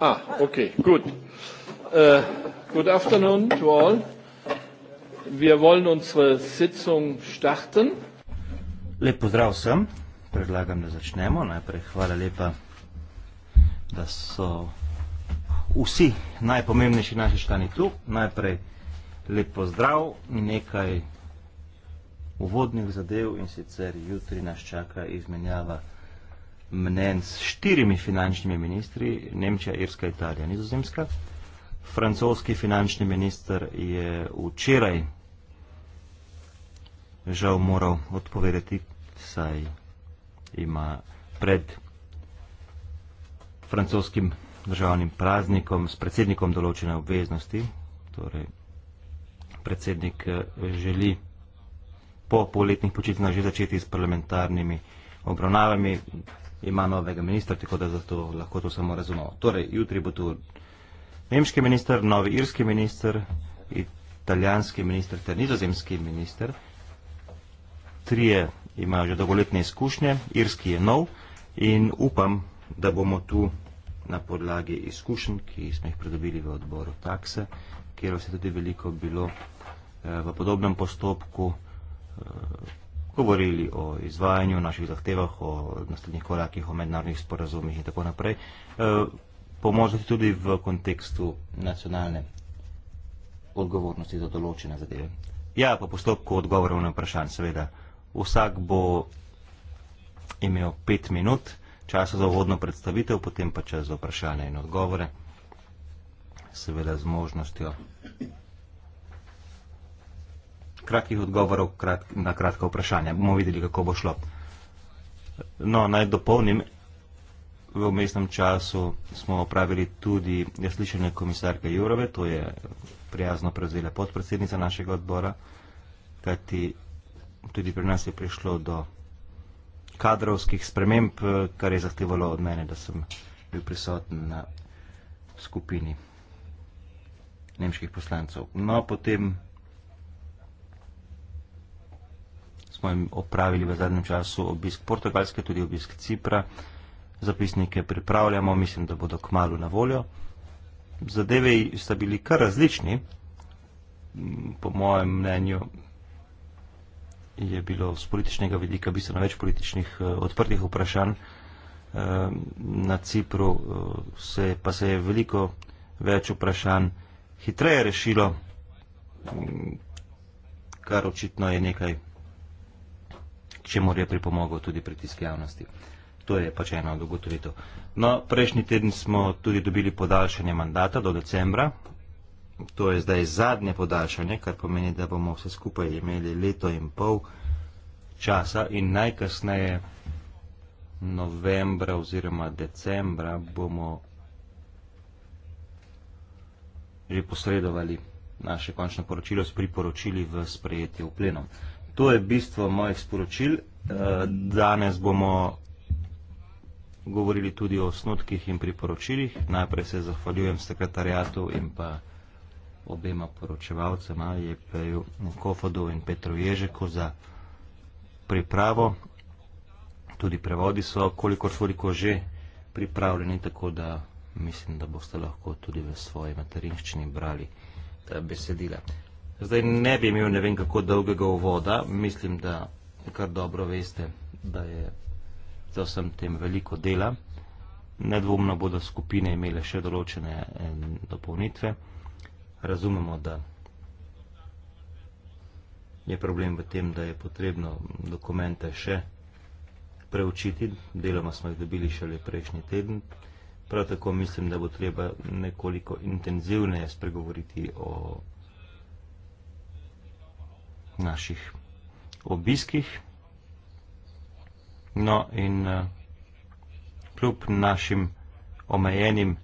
Ah, okay, gut. Äh, good afternoon to all. Wir wollen unsere Sitzung starten. Lep pozdrav vsem. Predlagam, da začnemo. Najprej hvala lepa, da so vsi najpomembnejši naši člani tu. Najprej lep pozdrav, nekaj uvodnih zadev in sicer jutri nas čaka izmenjava mnen s štirimi finančnimi ministri, Nemčija, Irska, Italija, Nizozemska. Francoski finančni minister je včeraj žal moral odpovedati, saj ima pred francoskim državnim praznikom s predsednikom določene obveznosti, torej predsednik eh, želi po poletnih počitnah že začeti s parlamentarnimi obravnavami, ima novega ministra, tako da zato lahko to samo razumemo. Torej, jutri bo tu nemški minister, novi irski minister, italijanski minister ter nizozemski minister. Trije imajo že dolgoletne izkušnje, irski je nov in upam, da bomo tu na podlagi izkušenj, ki smo jih pridobili v odboru takse, kjer vas je tudi veliko bilo eh, v podobnem postopku eh, govorili o izvajanju, o naših zahtevah, o naslednjih korakih, o mednarodnih sporazumih in tako naprej. Eh, Pomožete tudi v kontekstu nacionalne odgovornosti za določene zadeve. Ja, po postopku odgovorov na vprašanje, seveda. Vsak bo imel pet minut časa za uvodno predstavitev, potem pa čas za vprašanje in odgovore, seveda z možnostjo kratkih odgovorov krat, na kratka vprašanja. Bomo videli, kako bo šlo. No, naj dopolnim, v mestnem času smo opravili tudi jaslišanje komisarke Jurove, to je prijazno prevzela podpredsednica našega odbora, kajti tudi pri nas je prišlo do kadrovskih sprememb, kar je zahtevalo od mene, da sem bil prisoten na skupini nemških poslancev. No, potem smo jim opravili v zadnjem času obisk Portugalske, tudi obisk Cipra. Zapisnike pripravljamo, mislim, da bodo kmalo na voljo. Zadeve sta bili kar različni. Po mojem mnenju je bilo z političnega vidika bistveno več političnih eh, odprtih vprašanj. Eh, na Cipru eh, se, pa se je veliko več vprašanj hitreje rešilo, kar očitno je nekaj če mora pripomogel tudi pritisk javnosti. To je pač ena od ugotovitev. No, prejšnji teden smo tudi dobili podaljšanje mandata do decembra. To je zdaj zadnje podaljšanje, kar pomeni, da bomo vse skupaj imeli leto in pol časa in najkasneje novembra oziroma decembra bomo že posredovali naše končno poročilo s priporočili v sprejetje v plenom. To je bistvo mojih sporočil. Eh, danes bomo govorili tudi o osnotkih in priporočilih. Najprej se zahvaljujem sekretarjatu in pa obema poročevalcema, Jepeju Kofodu in Petru Ježeku za pripravo. Tudi prevodi so kolikor toliko že pripravljeni, tako da mislim, da boste lahko tudi v svoji materinščini brali besedila. Zdaj ne bi imel ne vem kako dolgega uvoda, mislim, da kar dobro veste, da je za vsem tem veliko dela. Nedvomno bodo skupine imele še določene eh, dopolnitve. Razumemo, da je problem v tem, da je potrebno dokumente še preučiti. Deloma smo jih dobili še le prejšnji teden. Prav tako mislim, da bo treba nekoliko intenzivneje spregovoriti o naših obiskih. No in uh, kljub našim omejenim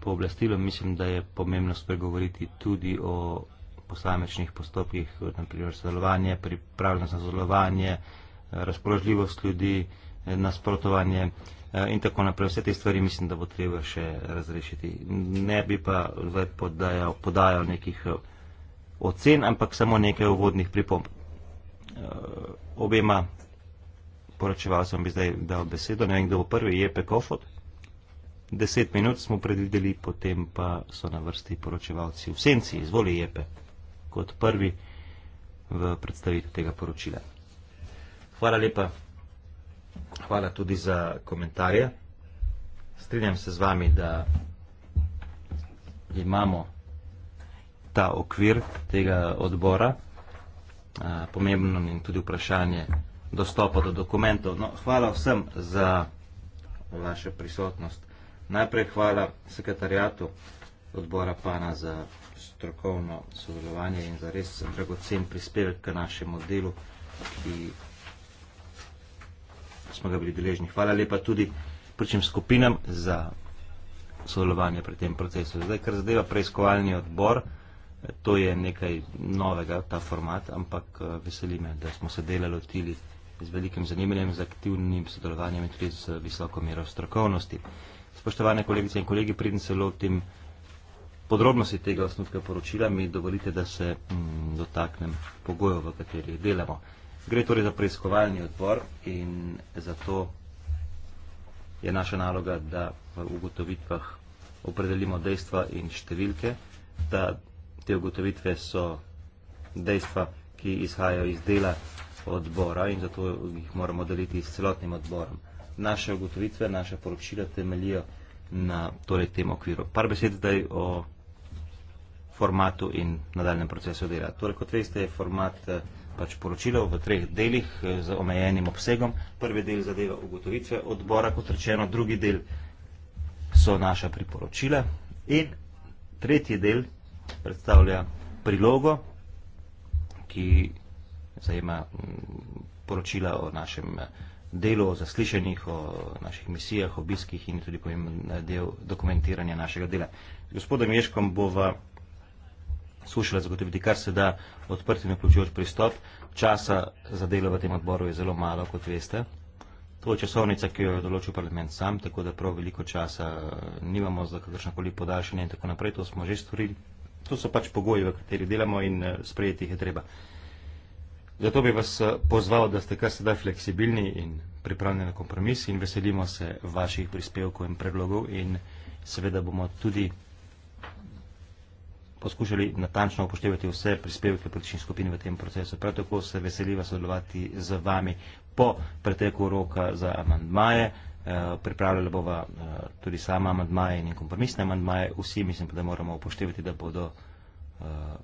pooblastilom mislim, da je pomembno spregovoriti tudi o posamečnih postopkih, kot naprimer sodelovanje, pripravljenost na sodelovanje, eh, razpoložljivost ljudi, eh, nasprotovanje in tako naprej. Vse te stvari mislim, da bo treba še razrešiti. Ne bi pa podajal, podajal nekih ocen, ampak samo nekaj uvodnih pripomb. Uh, obema poročevalcem bi zdaj dal besedo, ne vem, kdo bo prvi, je Pekofot. Deset minut smo predvideli, potem pa so na vrsti poročevalci v senci. Izvoli, Jepe, kot prvi v predstavitvi tega poročila. Hvala lepa. Hvala tudi za komentarje. Strinjam se z vami, da imamo ta okvir tega odbora. Pomembno in tudi vprašanje dostopa do dokumentov. No, hvala vsem za vaše prisotnost. Najprej hvala sekretarjatu odbora PANA za strokovno sodelovanje in za res dragocen prispevek k našemu delu, ki smo ga bili deležni. Hvala lepa tudi pričim skupinam za sodelovanje pri tem procesu. Zdaj, kar zadeva preiskovalni odbor, To je nekaj novega, ta format, ampak eh, veseli me, da smo se dela lotili z velikim zanimanjem, z aktivnim sodelovanjem in tudi z visoko mero strokovnosti. Spoštovane kolegice in kolegi, pridem se lotim podrobnosti tega osnutka poročila, mi dovolite, da se mm, dotaknem pogojev, v katerih delamo. Gre torej za preiskovalni odbor in zato je naša naloga, da v ugotovitvah opredelimo dejstva in številke, da Te ugotovitve so dejstva, ki izhajajo iz dela odbora in zato jih moramo deliti s celotnim odborom. Naše ugotovitve, naše poročila temelijo na torej, tem okviru. Par besed zdaj o formatu in nadaljem procesu dela. Torej, kot veste, je format eh, pač poročilo v treh delih eh, z omejenim obsegom. Prvi del zadeva ugotovitve odbora, kot rečeno, drugi del so naša priporočila in tretji del predstavlja prilogo, ki zajema mm, poročila o našem eh, delu, o zaslišanjih, o naših misijah, obiskih in tudi pomemben eh, del dokumentiranja našega dela. Gospodem Ješkom bova slušala zagotoviti kar se da odprti in vključujoč pristop. Časa za delo v tem odboru je zelo malo, kot veste. To je časovnica, ki jo je določil parlament sam, tako da prav veliko časa eh, nimamo za kakršnakoli podaljšanje in tako naprej. To smo že storili. To so pač pogoji, v kateri delamo in eh, sprejeti jih je treba. Zato bi vas eh, pozval, da ste kar sedaj fleksibilni in pripravljeni na kompromis in veselimo se vaših prispevkov in predlogov in seveda bomo tudi poskušali natančno upoštevati vse prispevke političnih skupin v tem procesu. Prav tako se veseliva sodelovati z vami po preteku roka za amandmaje. Eh, pripravljala bova eh, tudi sama amandmaje in kompromisne amandmaje. Vsi mislim, da moramo upoštevati, da bodo da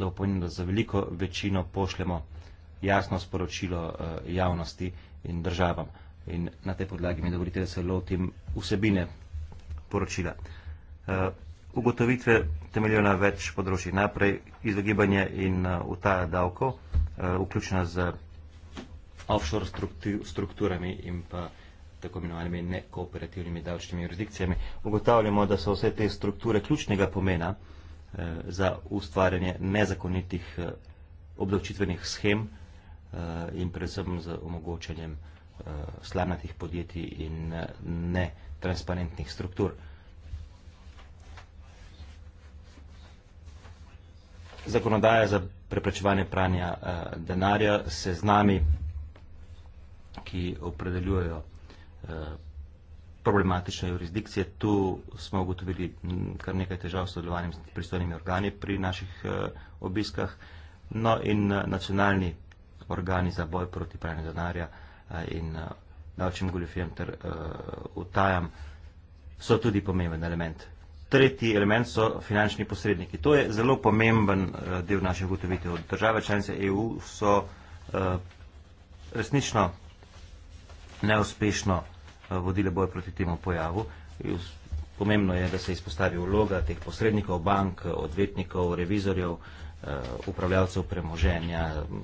eh, upojnim, da za veliko večino pošljemo jasno sporočilo javnosti in državam. In na te podlagi mi dovolite, da se lotim vsebine poročila. Ugotovitve temeljajo na več področji. Najprej izogibanje in utaja davko, vključena z offshore strukturami in pa tako imenovanimi nekooperativnimi davčnimi jurisdikcijami, ugotavljamo, da so vse te strukture ključnega pomena eh, za ustvarjanje nezakonitih eh, obdavčitvenih schem eh, in predvsem z omogočanjem eh, slanatih podjetij in eh, netransparentnih struktur. Zakonodaja za preprečevanje pranja eh, denarja se z nami ki opredeljujejo eh, problematične jurisdikcije. Tu smo ugotovili mm, kar nekaj težav s sodelovanjem s pristojnimi organi pri naših eh, obiskah. No in eh, nacionalni organi za boj proti pranju denarja in davčnim goljofijem ter utajam so tudi pomemben element. Tretji element so finančni posredniki. To je zelo pomemben del naših ugotovitev. Države članice EU so resnično neuspešno eh, vodile boje proti temu pojavu. Pomembno je, da se izpostavi vloga teh posrednikov, bank, odvetnikov, revizorjev, eh, upravljavcev premoženja, mm,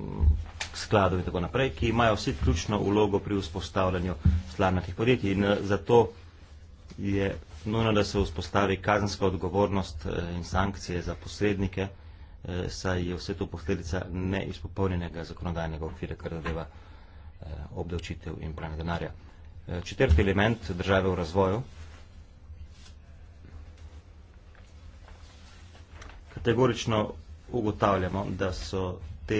skladov in tako naprej, ki imajo vsi ključno vlogo pri vzpostavljanju slavnatih podjetij. In eh, zato je nujno, da se vzpostavi kazenska odgovornost in sankcije za posrednike, saj je vse to posledica neizpopolnjenega zakonodajnega okvira, kar zadeva. Eh, obdavčitev in pranje denarja. Eh, četrti element države v razvoju. Kategorično ugotavljamo, da so te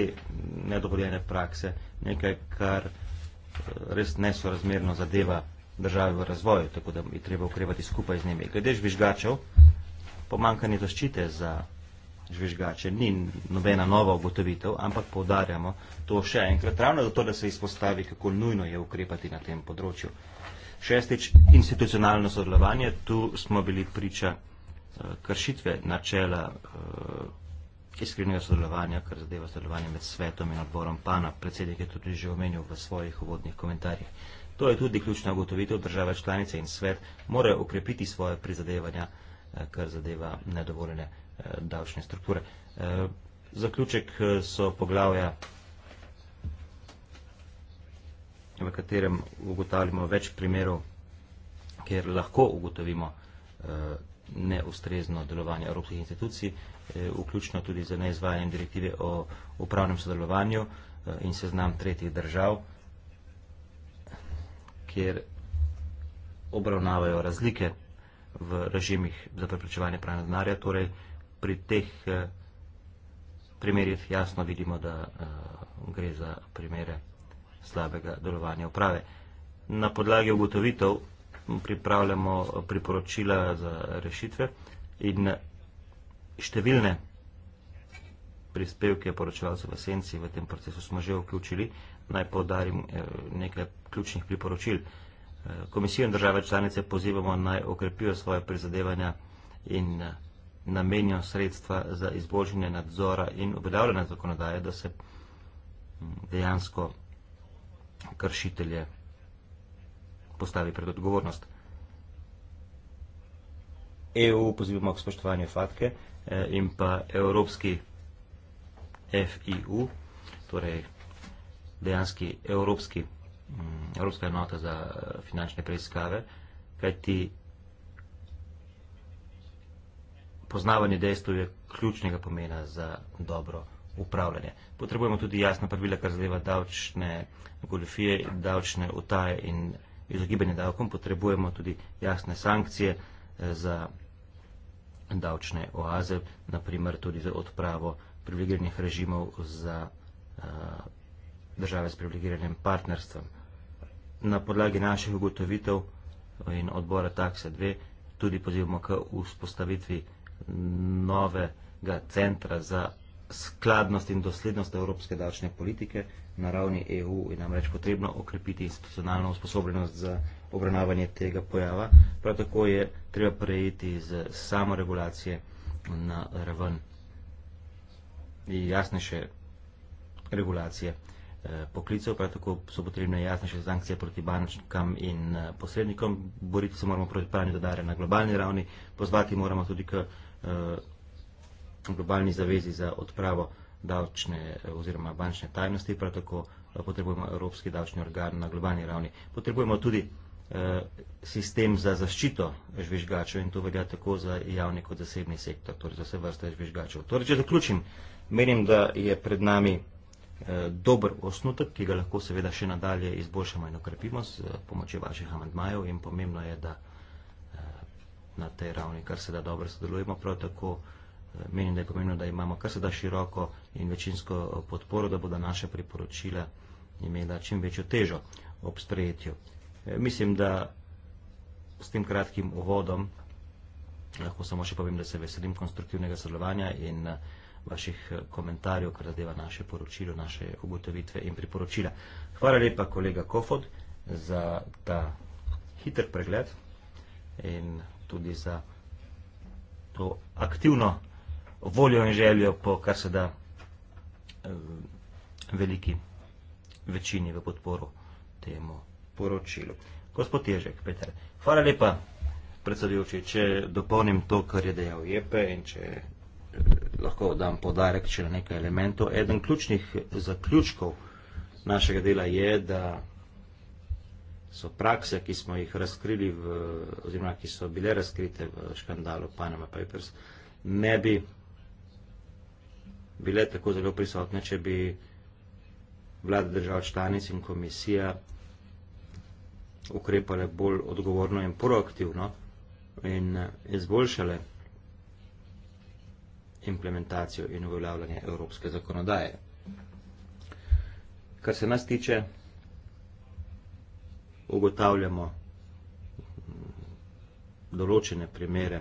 nedovoljene prakse nekaj, kar eh, res nesorazmerno zadeva države v razvoju, tako da je treba ukrepati skupaj z njimi. Glede žvižgačev, pomankanje zaščite za žvižgače. Ni nobena nova ugotovitev, ampak povdarjamo to še enkrat, ravno zato, da se izpostavi, kako nujno je ukrepati na tem področju. Šestič, institucionalno sodelovanje. Tu smo bili priča eh, kršitve načela eh, iskrenega sodelovanja, kar zadeva sodelovanje med svetom in odborom pana. Predsednik je tudi že omenil v svojih uvodnih komentarjih. To je tudi ključna ugotovitev. Države članice in svet morajo ukrepiti svoje prizadevanja, eh, kar zadeva nedovoljene Eh, davčne strukture. Eh, zaključek eh, so poglavja, v katerem ugotavljamo več primerov, kjer lahko ugotovimo neustrezno delovanje evropskih institucij, vključno tudi za neizvajanjem direktive o upravnem sodelovanju in seznam tretjih držav, kjer obravnavajo razlike v režimih za preprečevanje pranja denarja, torej pri teh eh, primerjih jasno vidimo, da eh, gre za primere slabega delovanja uprave. Na podlagi ugotovitev pripravljamo eh, priporočila za rešitve in številne prispevke poročevalcev v Senci v tem procesu smo že vključili. Naj podarim nekaj ključnih priporočil. Komisijo in države članice pozivamo naj okrepijo svoje prizadevanja in priporočila namenijo sredstva za izboljšanje nadzora in uveljavljanje zakonodaje, da se mm, dejansko kršitelje postavi pred odgovornost. EU pozivamo k spoštovanju fatke eh, in pa Evropski FIU, torej dejanski Evropski, mm, Evropska enota za eh, finančne preiskave, kajti poznavanje dejstev je ključnega pomena za dobro upravljanje. Potrebujemo tudi jasna pravila, kar zadeva davčne goljofije, davčne utaje in izogibanje davkom. Potrebujemo tudi jasne sankcije eh, za davčne oaze, naprimer tudi za odpravo privilegiranih režimov za eh, države s privilegiranim partnerstvom. Na podlagi naših ugotovitev in odbora TAKSA 2 tudi pozivamo k vzpostavitvi državstva, novega centra za skladnost in doslednost evropske davčne politike na ravni EU in nam reč potrebno okrepiti institucionalno usposobljenost za obravnavanje tega pojava. Prav tako je treba prejeti z samoregulacije na raven in jasnejše regulacije eh, poklicev, prav tako so potrebne jasnejše sankcije proti bančkam in eh, posrednikom. Boriti se moramo proti pranju dodare na globalni ravni, pozvati moramo tudi k Eh, globalni zavezi za odpravo davčne eh, oziroma bančne tajnosti, prav tako eh, potrebujemo Evropski davčni organ na globalni ravni. Potrebujemo tudi sistem za zaščito žvižgačev in to velja tako za javni kot zasebni sektor, torej za vse vrste žvižgačev. Torej, če zaključim, menim, da je pred nami dober osnutek, ki ga lahko seveda še nadalje izboljšamo in okrepimo s pomočjo vaših amandmajev in pomembno je, da na tej ravni, kar se da dobro sodelujemo. Prav tako eh, menim, da je pomembno, da imamo kar se da široko in večinsko eh, podporo, da bodo naše priporočila imela čim večjo težo ob sprejetju. Eh, mislim, da s tem kratkim uvodom lahko samo še povem, da se veselim konstruktivnega sodelovanja in vaših komentarjev, kar zadeva naše poročilo, naše ugotovitve in priporočila. Hvala lepa, kolega Kofod, za ta hiter pregled in tudi za to aktivno voljo in željo po kar se da eh, veliki večini v podporu temu poročilu. Gospod Ježek, Peter, hvala lepa, predsedujoči, če dopolnim to, kar je dejal Jepe in če eh, lahko dam podarek še na nekaj elementov. Eden ključnih zaključkov našega dela je, da so prakse, ki smo jih razkrili, v, oziroma ki so bile razkrite v škandalu Panama Papers, ne bi bile tako zelo prisotne, če bi vlada držav članic in komisija ukrepale bolj odgovorno in proaktivno in izboljšale implementacijo in uveljavljanje evropske zakonodaje. Kar se nas tiče, ugotavljamo določene primere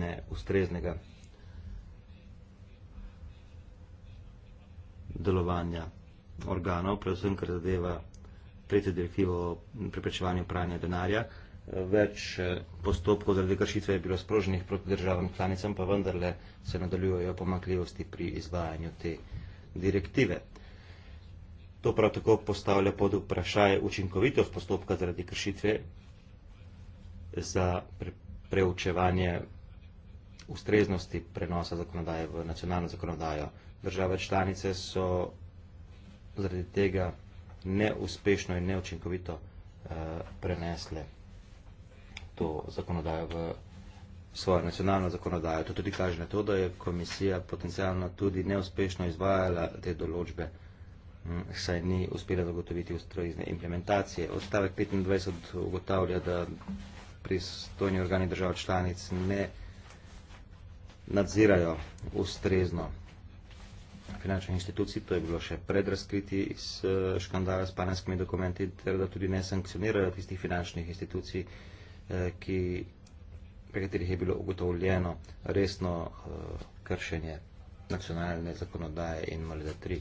neustreznega delovanja organov, predvsem, kar zadeva tretje direktivo o preprečevanju pranja denarja. Več eh, postopkov zaradi kršitve je bilo sproženih proti državam članicam, pa vendarle se nadaljujejo pomakljivosti pri izvajanju te direktive. To prav tako postavlja pod vprašaj učinkovitost postopka zaradi kršitve za pre preučevanje ustreznosti prenosa zakonodaje v nacionalno zakonodajo. Države članice so zaradi tega neuspešno in neučinkovito eh, prenesle to zakonodajo v svojo nacionalno zakonodajo. To tudi kaže na to, da je komisija potencialno tudi neuspešno izvajala te določbe eh, saj ni uspela zagotoviti ustrojizne implementacije. Odstavek 25 ugotavlja, da pristojni organi držav članic ne nadzirajo ustrezno finančnih inštitucij, to je bilo še pred razkriti iz eh, škandala s panenskimi dokumenti, ter da tudi ne sankcionirajo tistih finančnih institucij, eh, ki, pre katerih je bilo ugotovljeno resno eh, kršenje nacionalne zakonodaje in malida 3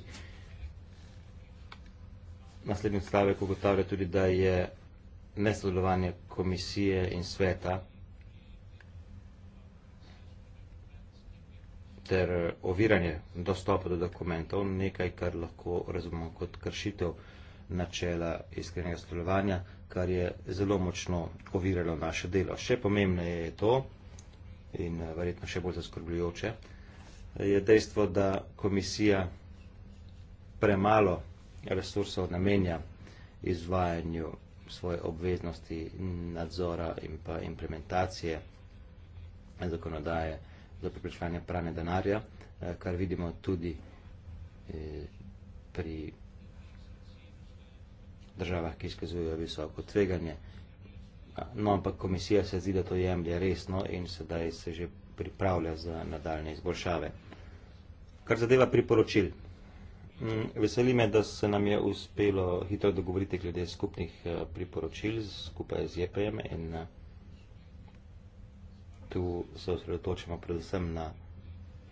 naslednji odstavek ugotavlja tudi, da je nesodelovanje komisije in sveta ter oviranje dostopa do dokumentov nekaj, kar lahko razumemo kot kršitev načela iskrenega sodelovanja, kar je zelo močno oviralo naše delo. Še pomembneje je to in eh, verjetno še bolj zaskrbljujoče, je dejstvo, da komisija premalo resursov namenja izvajanju svoje obveznosti nadzora in pa implementacije zakonodaje za preprečevanje pranja denarja, eh, kar vidimo tudi eh, pri državah, ki izkazujejo visoko tveganje. No, ampak komisija se zdi, da to jemlje resno in sedaj se že pripravlja za nadaljne izboljšave. Kar zadeva priporočil, Mm, veseli me, da se nam je uspelo hitro dogovoriti glede skupnih eh, priporočil skupaj z JPM in eh, tu se osredotočimo predvsem na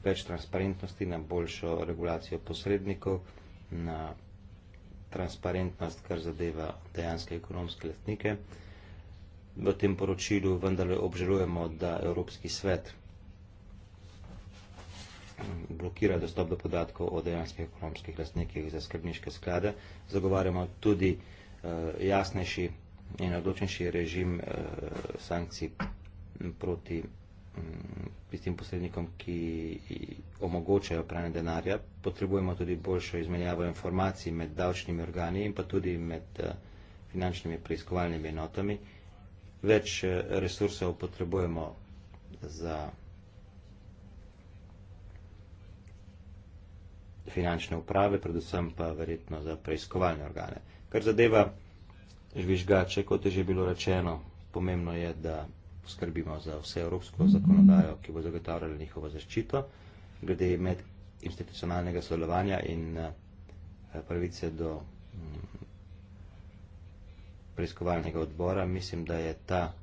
več transparentnosti, na boljšo regulacijo posrednikov, na transparentnost, kar zadeva dejanske ekonomske letnike. V tem poročilu vendarle obžalujemo, da Evropski svet blokira dostop do podatkov o dejanskih ekonomskih lastnikih za skrbniške sklade. Zagovarjamo tudi eh, jasnejši in odločenjši režim eh, sankcij proti tistim posrednikom, ki omogočajo pranje denarja. Potrebujemo tudi boljšo izmenjavo informacij med davčnimi organi in pa tudi med eh, finančnimi preiskovalnimi enotami. Več resursov potrebujemo za vsega, finančne uprave, predvsem pa verjetno za preiskovalne organe. Kar zadeva žvižgače, kot je že bilo rečeno, pomembno je, da poskrbimo za vse evropsko zakonodajo, ki bo zagotavljala njihovo zaščito, glede med institucionalnega sodelovanja in eh, pravice do mm, preiskovalnega odbora. Mislim, da je ta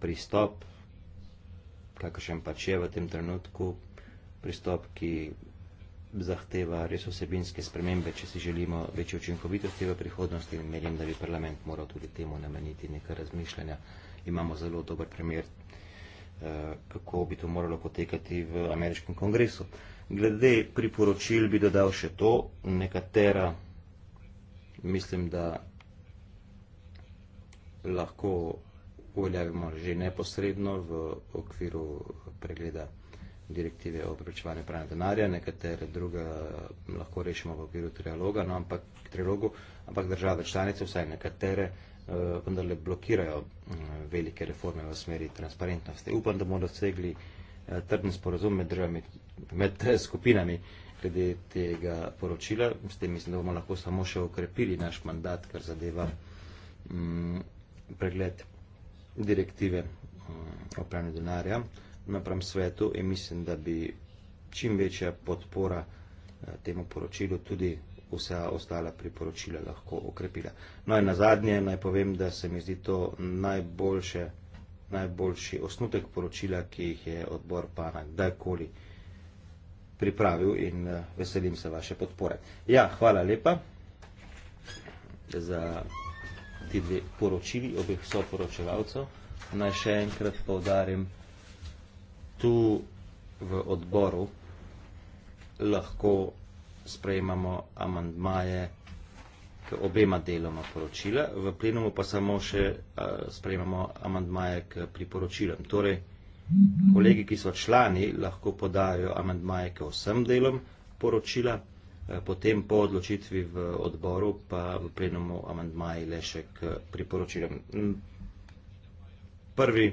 pristop, kakršen pač je v tem trenutku, pristop, ki zahteva res osebinske spremembe, če si želimo večjo učinkovitosti v prihodnosti in menim, da bi parlament moral tudi temu nameniti nekaj razmišljanja. Imamo zelo dober primer, eh, kako bi to moralo potekati v ameriškem kongresu. Glede priporočil bi dodal še to, nekatera mislim, da lahko uveljavimo že neposredno v okviru pregleda direktive o preprečevanju pranja denarja, nekatere druge eh, lahko rešimo v okviru trialoga, no, ampak, trialogu, ampak države članice, vsaj nekatere, eh, vendarle blokirajo mm, velike reforme v smeri transparentnosti. Upam, da bomo dosegli eh, trden sporazum med državami, med skupinami glede tega poročila. S tem mislim, da bomo lahko samo še okrepili naš mandat, kar zadeva mm, pregled direktive mm, o pranju denarja napram svetu in mislim, da bi čim večja podpora eh, temu poročilu tudi vsa ostala priporočila lahko okrepila. No in na zadnje naj povem, da se mi zdi to najboljše, najboljši osnutek poročila, ki jih je odbor pana kdajkoli pripravil in eh, veselim se vaše podpore. Ja, hvala lepa za ti dve poročili obih soporočevalcev. Naj še enkrat poudarim, tu v odboru lahko sprejemamo amandmaje k obema deloma poročila, v plenumu pa samo še sprejemamo amandmaje k priporočilom. Torej, kolegi, ki so člani, lahko podajo amandmaje k vsem delom poročila, potem po odločitvi v odboru pa v plenumu amandmaje le še k priporočilom. Prvi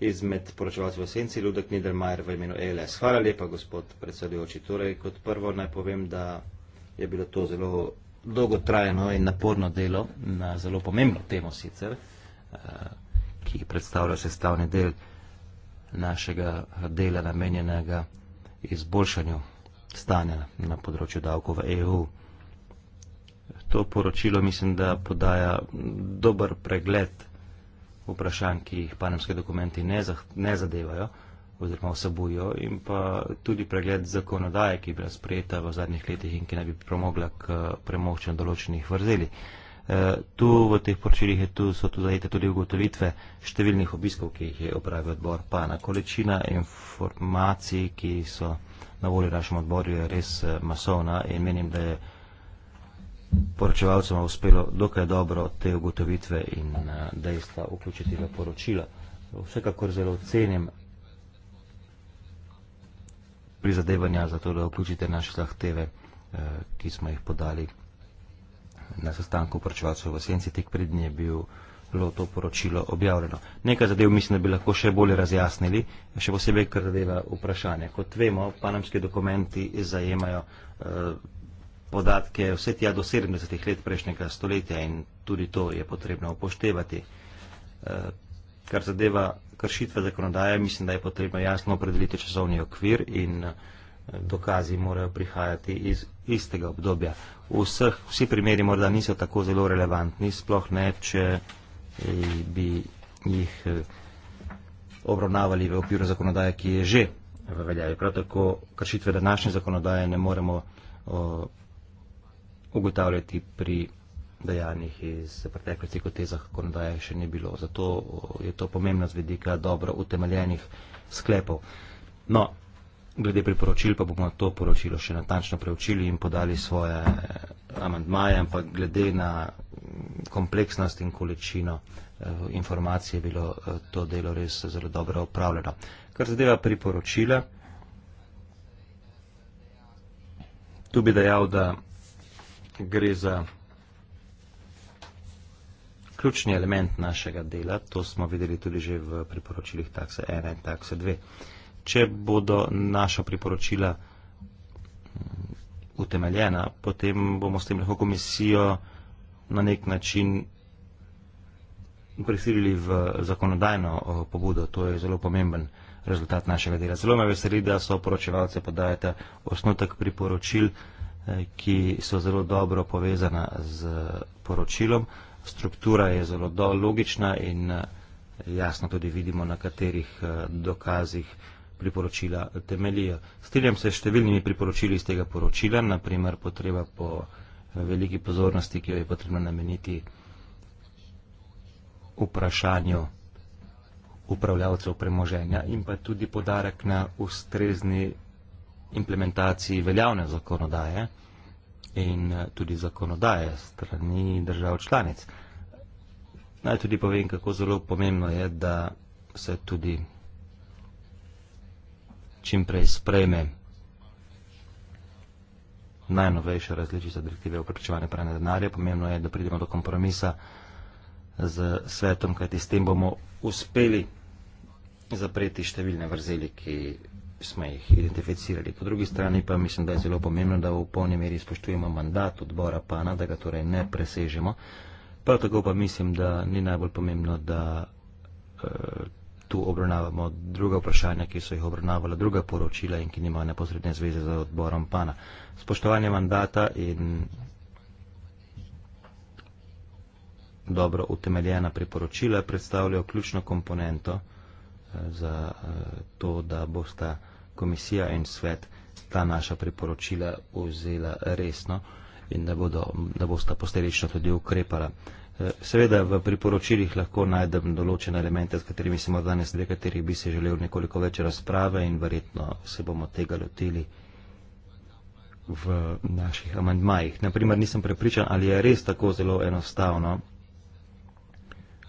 izmed poročevalcev Senci Ludek Niedermayer v imenu ELS. Hvala lepa, gospod predsedujoči. Torej, kot prvo naj povem, da je bilo to zelo dolgotrajno in naporno delo na zelo pomembno temo sicer, eh, ki predstavlja sestavni del našega dela namenjenega izboljšanju stanja na področju davkov v EU. To poročilo mislim, da podaja dober pregled vprašanj, ki jih panemske dokumenti ne, zah, ne zadevajo oziroma vsebujo in pa tudi pregled zakonodaje, ki je bila sprejeta v zadnjih letih in ki naj bi promogla k premočenju določenih vrzeli. Eh, tu v teh poročilih tu, so tu zajete tudi ugotovitve številnih obiskov, ki jih je opravil odbor pana. Količina informacij, ki so na voljo našem odborju, je res eh, masovna in menim, da je poročevalcem je uspelo dokaj dobro te ugotovitve in eh, dejstva vključiti v poročila. Vsekakor zelo cenim prizadevanja za to, da vključite naše zahteve, eh, ki smo jih podali na sestanku poročevalcev v Senci, tek pred dnje je bilo to poročilo objavljeno. Nekaj zadev mislim, da bi lahko še bolje razjasnili, še posebej, kar zadeva vprašanje. Kot vemo, panamski dokumenti zajemajo uh, podatke vse tja do 70. let prejšnjega stoletja in tudi to je potrebno upoštevati. Eh, kar zadeva kršitve zakonodaje, mislim, da je potrebno jasno opredeliti časovni okvir in eh, dokazi morajo prihajati iz istega obdobja. Vseh, vsi primeri morda niso tako zelo relevantni, sploh ne, če eh, bi jih obravnavali v okviru zakonodaje, ki je že v veljavi. Prav tako kršitve današnje zakonodaje ne moremo ugotavljati pri dejanjih iz preteklosti, kot tezah zakonodaje še ni bilo. Zato je to pomembno z vedika dobro utemeljenih sklepov. No, glede priporočil pa bomo to poročilo še natančno preučili in podali svoje eh, amandmaje, ampak glede na mm, kompleksnost in količino eh, informacij je bilo eh, to delo res zelo dobro opravljeno. Kar zadeva priporočila, tu bi dejal, da gre za ključni element našega dela. To smo videli tudi že v priporočilih takse 1 in takse 2. Če bodo naša priporočila mm, utemeljena, potem bomo s tem lahko komisijo na nek način prisilili v zakonodajno pobudo. To je zelo pomemben rezultat našega dela. Zelo me veseli, da so poročevalce podajate osnotek priporočil. Eh, ki so zelo dobro povezana z poročilom. Struktura je zelo logična in eh, jasno tudi vidimo, na katerih eh, dokazih priporočila temelijo. Strinjam se s številnimi priporočili iz tega poročila, naprimer potreba po veliki pozornosti, ki jo je potrebno nameniti vprašanju upravljavcev premoženja in pa tudi podarek na ustrezni implementaciji veljavne zakonodaje in eh, tudi zakonodaje strani držav članic. Naj tudi povem, kako zelo pomembno je, da se tudi čimprej sprejme najnovejša različica direktive o preprečevanju pranja denarja. Pomembno je, da pridemo do kompromisa z svetom, kajti s tem bomo uspeli zapreti številne vrzeli, ki smo jih identificirali. Po drugi strani pa mislim, da je zelo pomembno, da v polni meri spoštujemo mandat odbora pana, da ga torej ne presežemo. Prav tako pa mislim, da ni najbolj pomembno, da eh, tu obravnavamo druga vprašanja, ki so jih obravnavala druga poročila in ki nimajo neposredne zveze z odborom pana. Spoštovanje mandata in dobro utemeljena priporočila predstavljajo ključno komponento za eh, to, da bosta komisija in svet ta naša priporočila vzela resno in da, bodo, da bosta posledično tudi ukrepala. Eh, seveda v priporočilih lahko najdem določene elemente, s katerimi se morda ne zdi, katerih bi se želel nekoliko več razprave in verjetno se bomo tega lotili v naših amandmajih. Naprimer, nisem prepričan, ali je res tako zelo enostavno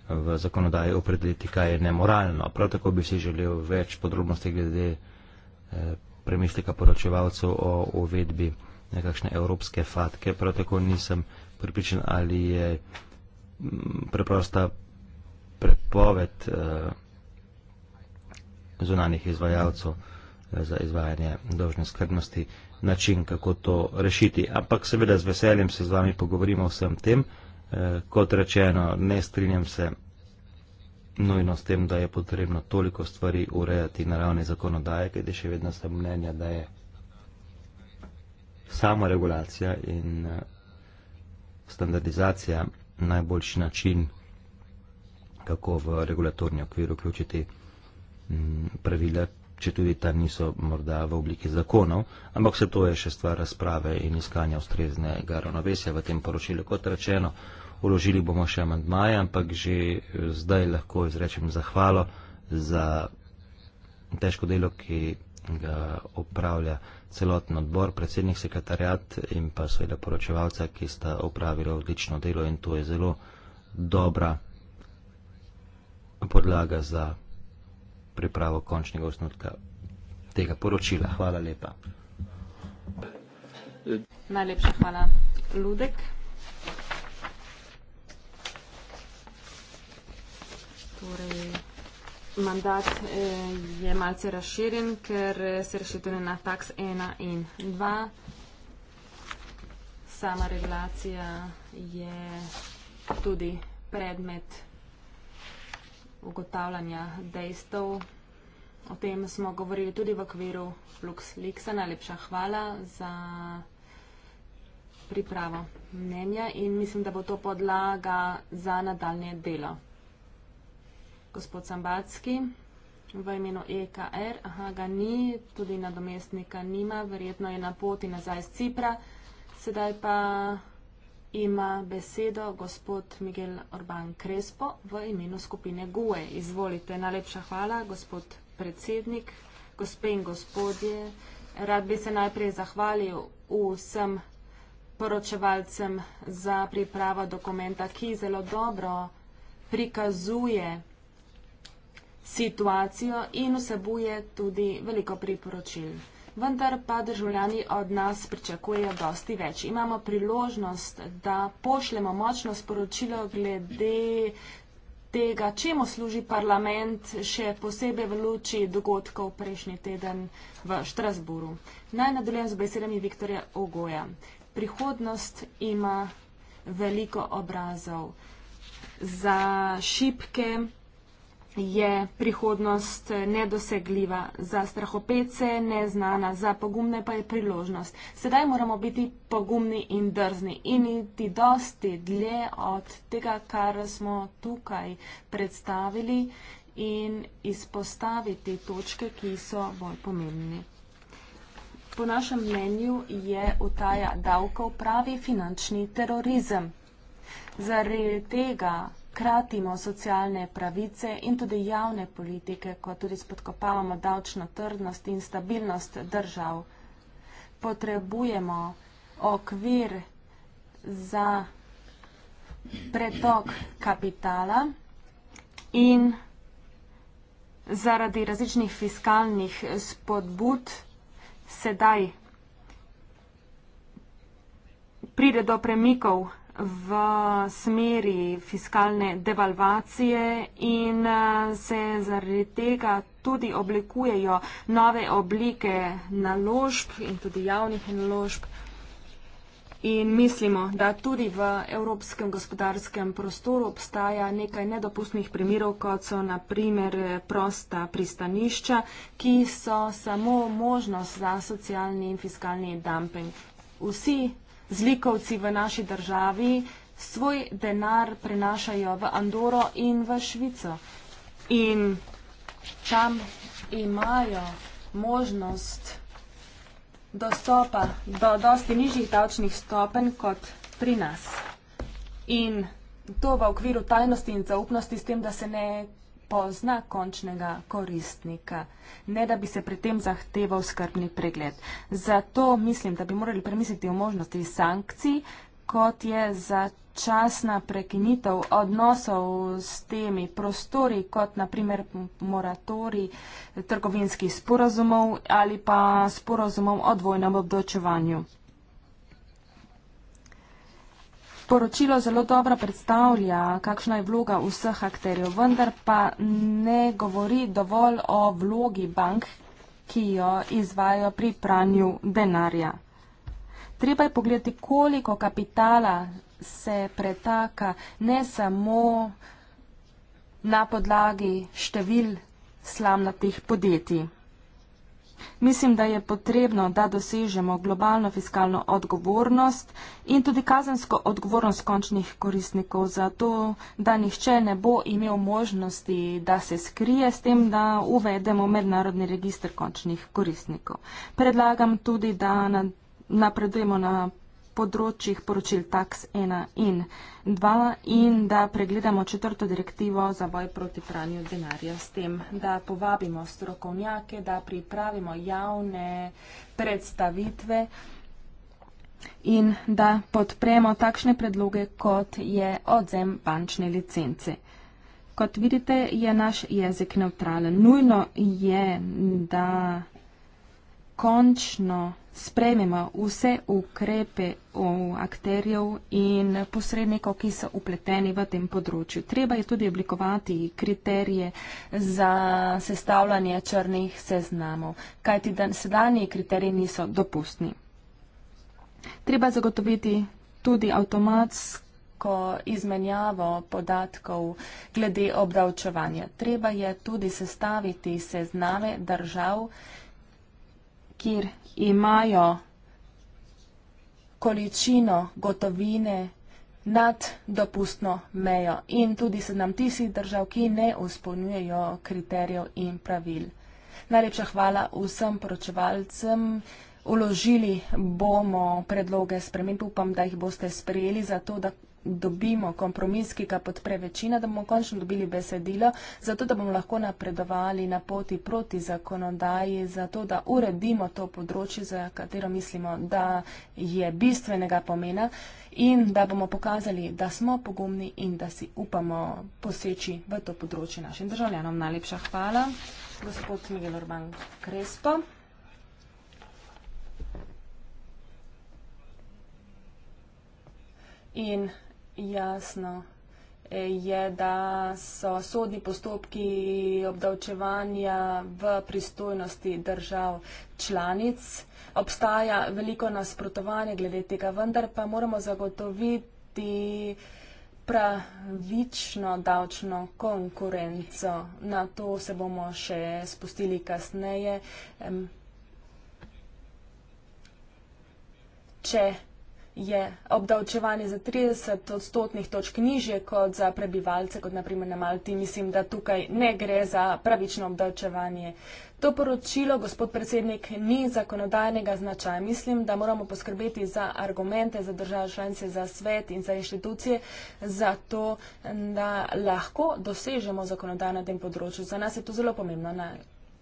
v zakonodaji opredeliti, kaj je nemoralno. Prav tako bi si želel več podrobnosti glede eh, premislika poročevalcev o uvedbi nekakšne evropske fatke. Prav tako nisem pripričan, ali je mm, preprosta prepoved eh, zunanih izvajalcev eh, za izvajanje dožne skrbnosti način, kako to rešiti. Ampak seveda z veseljem se z vami pogovorimo o vsem tem kot rečeno, ne strinjam se nujno s tem, da je potrebno toliko stvari urejati na ravni zakonodaje, ker je še vedno sem mnenja, da je sama regulacija in eh, standardizacija najboljši način, kako v regulatorni okvir vključiti mm, pravila, če tudi ta niso morda v obliki zakonov, ampak vse to je še stvar razprave in iskanja ustreznega ravnovesja v tem poročilu. Kot rečeno, Uložili bomo še amantmaje, ampak že eh, zdaj lahko izrečem zahvalo za težko delo, ki ga opravlja celoten odbor, predsednik sekretarjat in pa seveda poročevalca, ki sta opravila odlično delo in to je zelo dobra podlaga za pripravo končnega osnutka tega poročila. Hvala lepa. Najlepša hvala, Ludek. Torej, mandat eh, je malce razširjen, ker eh, se rešitve na tax 1 in 2. Sama regulacija je tudi predmet ugotavljanja dejstev. O tem smo govorili tudi v okviru LuxLeaksa. Najlepša hvala za pripravo mnenja in mislim, da bo to podlaga za nadaljne delo gospod Sambatski v imenu EKR. Aha, ga ni, tudi nadomestnika nima, verjetno je na poti nazaj z Cipra. Sedaj pa ima besedo gospod Miguel Orban Krespo v imenu skupine GUE. Izvolite, najlepša hvala, gospod predsednik, gospe in gospodje. Rad bi se najprej zahvalil vsem poročevalcem za pripravo dokumenta, ki zelo dobro prikazuje situacijo in vsebuje tudi veliko priporočil. Vendar pa državljani od nas pričakujejo dosti več. Imamo priložnost, da pošljemo močno sporočilo glede tega, čemu služi parlament, še posebej v luči dogodkov prejšnji teden v Štrasburu. Naj nadaljujem z besedami Viktorja Ogoja. Prihodnost ima veliko obrazov za šipke, je prihodnost nedosegljiva za strahopece, neznana, za pogumne pa je priložnost. Sedaj moramo biti pogumni in drzni in iti dosti dlje od tega, kar smo tukaj predstavili in izpostaviti točke, ki so bolj pomembni. Po našem mnenju je utaja davkov pravi finančni terorizem. Zaradi tega kratimo socialne pravice in tudi javne politike, ko tudi spodkopavamo davčno trdnost in stabilnost držav. Potrebujemo okvir za pretok kapitala in zaradi različnih fiskalnih spodbud sedaj pride do premikov v smeri fiskalne devalvacije in eh, se zaradi tega tudi oblikujejo nove oblike naložb in tudi javnih naložb. In mislimo, da tudi v evropskem gospodarskem prostoru obstaja nekaj nedopustnih primerov, kot so naprimer prosta pristanišča, ki so samo možnost za socialni in fiskalni dumping. Vsi zlikovci v naši državi svoj denar prenašajo v Andoro in v Švico. In tam imajo možnost dostopa do dosti nižjih davčnih stopen kot pri nas. In to v okviru tajnosti in zaupnosti s tem, da se ne pozna končnega koristnika, ne da bi se pri tem zahteval skrbni pregled. Zato mislim, da bi morali premisliti o možnosti sankcij, kot je začasna prekinitev odnosov s temi prostori, kot naprimer moratori trgovinskih sporozumov ali pa sporozumov o dvojnem obdočevanju. sporočilo zelo dobro predstavlja, kakšna je vloga vseh akterjev, vendar pa ne govori dovolj o vlogi bank, ki jo izvajo pri pranju denarja. Treba je pogledati, koliko kapitala se pretaka ne samo na podlagi števil slamnatih podjetij. Mislim, da je potrebno, da dosežemo globalno fiskalno odgovornost in tudi kazensko odgovornost končnih koristnikov za to, da nihče ne bo imel možnosti, da se skrije s tem, da uvedemo mednarodni registr končnih koristnikov. Predlagam tudi, da napredujemo na področjih poročil TAX 1 in 2 in da pregledamo četrto direktivo za boj proti pranju denarja s tem, da povabimo strokovnjake, da pripravimo javne predstavitve in da podpremo takšne predloge, kot je odzem bančne licence. Kot vidite, je naš jezik neutralen. Nujno je, da končno sprememo vse ukrepe akterjev in posrednikov, ki so upleteni v tem področju. Treba je tudi oblikovati kriterije za sestavljanje črnih seznamov, kajti sedanji kriteriji niso dopustni. Treba zagotoviti tudi avtomatsko izmenjavo podatkov glede obdavčevanja. Treba je tudi sestaviti sezname držav, kjer imajo količino gotovine nad dopustno mejo in tudi se nam tistih držav, ki ne usponjujejo kriterijev in pravil. Najlepša hvala vsem poročevalcem. Uložili bomo predloge spremenb, upam, da jih boste sprejeli za to, da dobimo kompromis, ki ga podpre večina, da bomo končno dobili besedilo, zato da bomo lahko napredovali na poti proti zakonodaji, zato da uredimo to področje, za katero mislimo, da je bistvenega pomena in da bomo pokazali, da smo pogumni in da si upamo poseči v to področje našim državljanom. Najlepša hvala, gospod Miguel Orban Krespo. In Jasno eh, je, da so sodni postopki obdavčevanja v pristojnosti držav članic. Obstaja veliko nasprotovanja glede tega, vendar pa moramo zagotoviti pravično davčno konkurenco. Na to se bomo še spustili kasneje. Če je obdavčevanje za 30 odstotnih točk nižje kot za prebivalce, kot naprimer na Malti. Mislim, da tukaj ne gre za pravično obdavčevanje. To poročilo, gospod predsednik, ni zakonodajnega značaja. Mislim, da moramo poskrbeti za argumente, za države članice, za svet in za inštitucije, za to, da lahko dosežemo zakonodaj na tem področju. Za nas je to zelo pomembno. Na,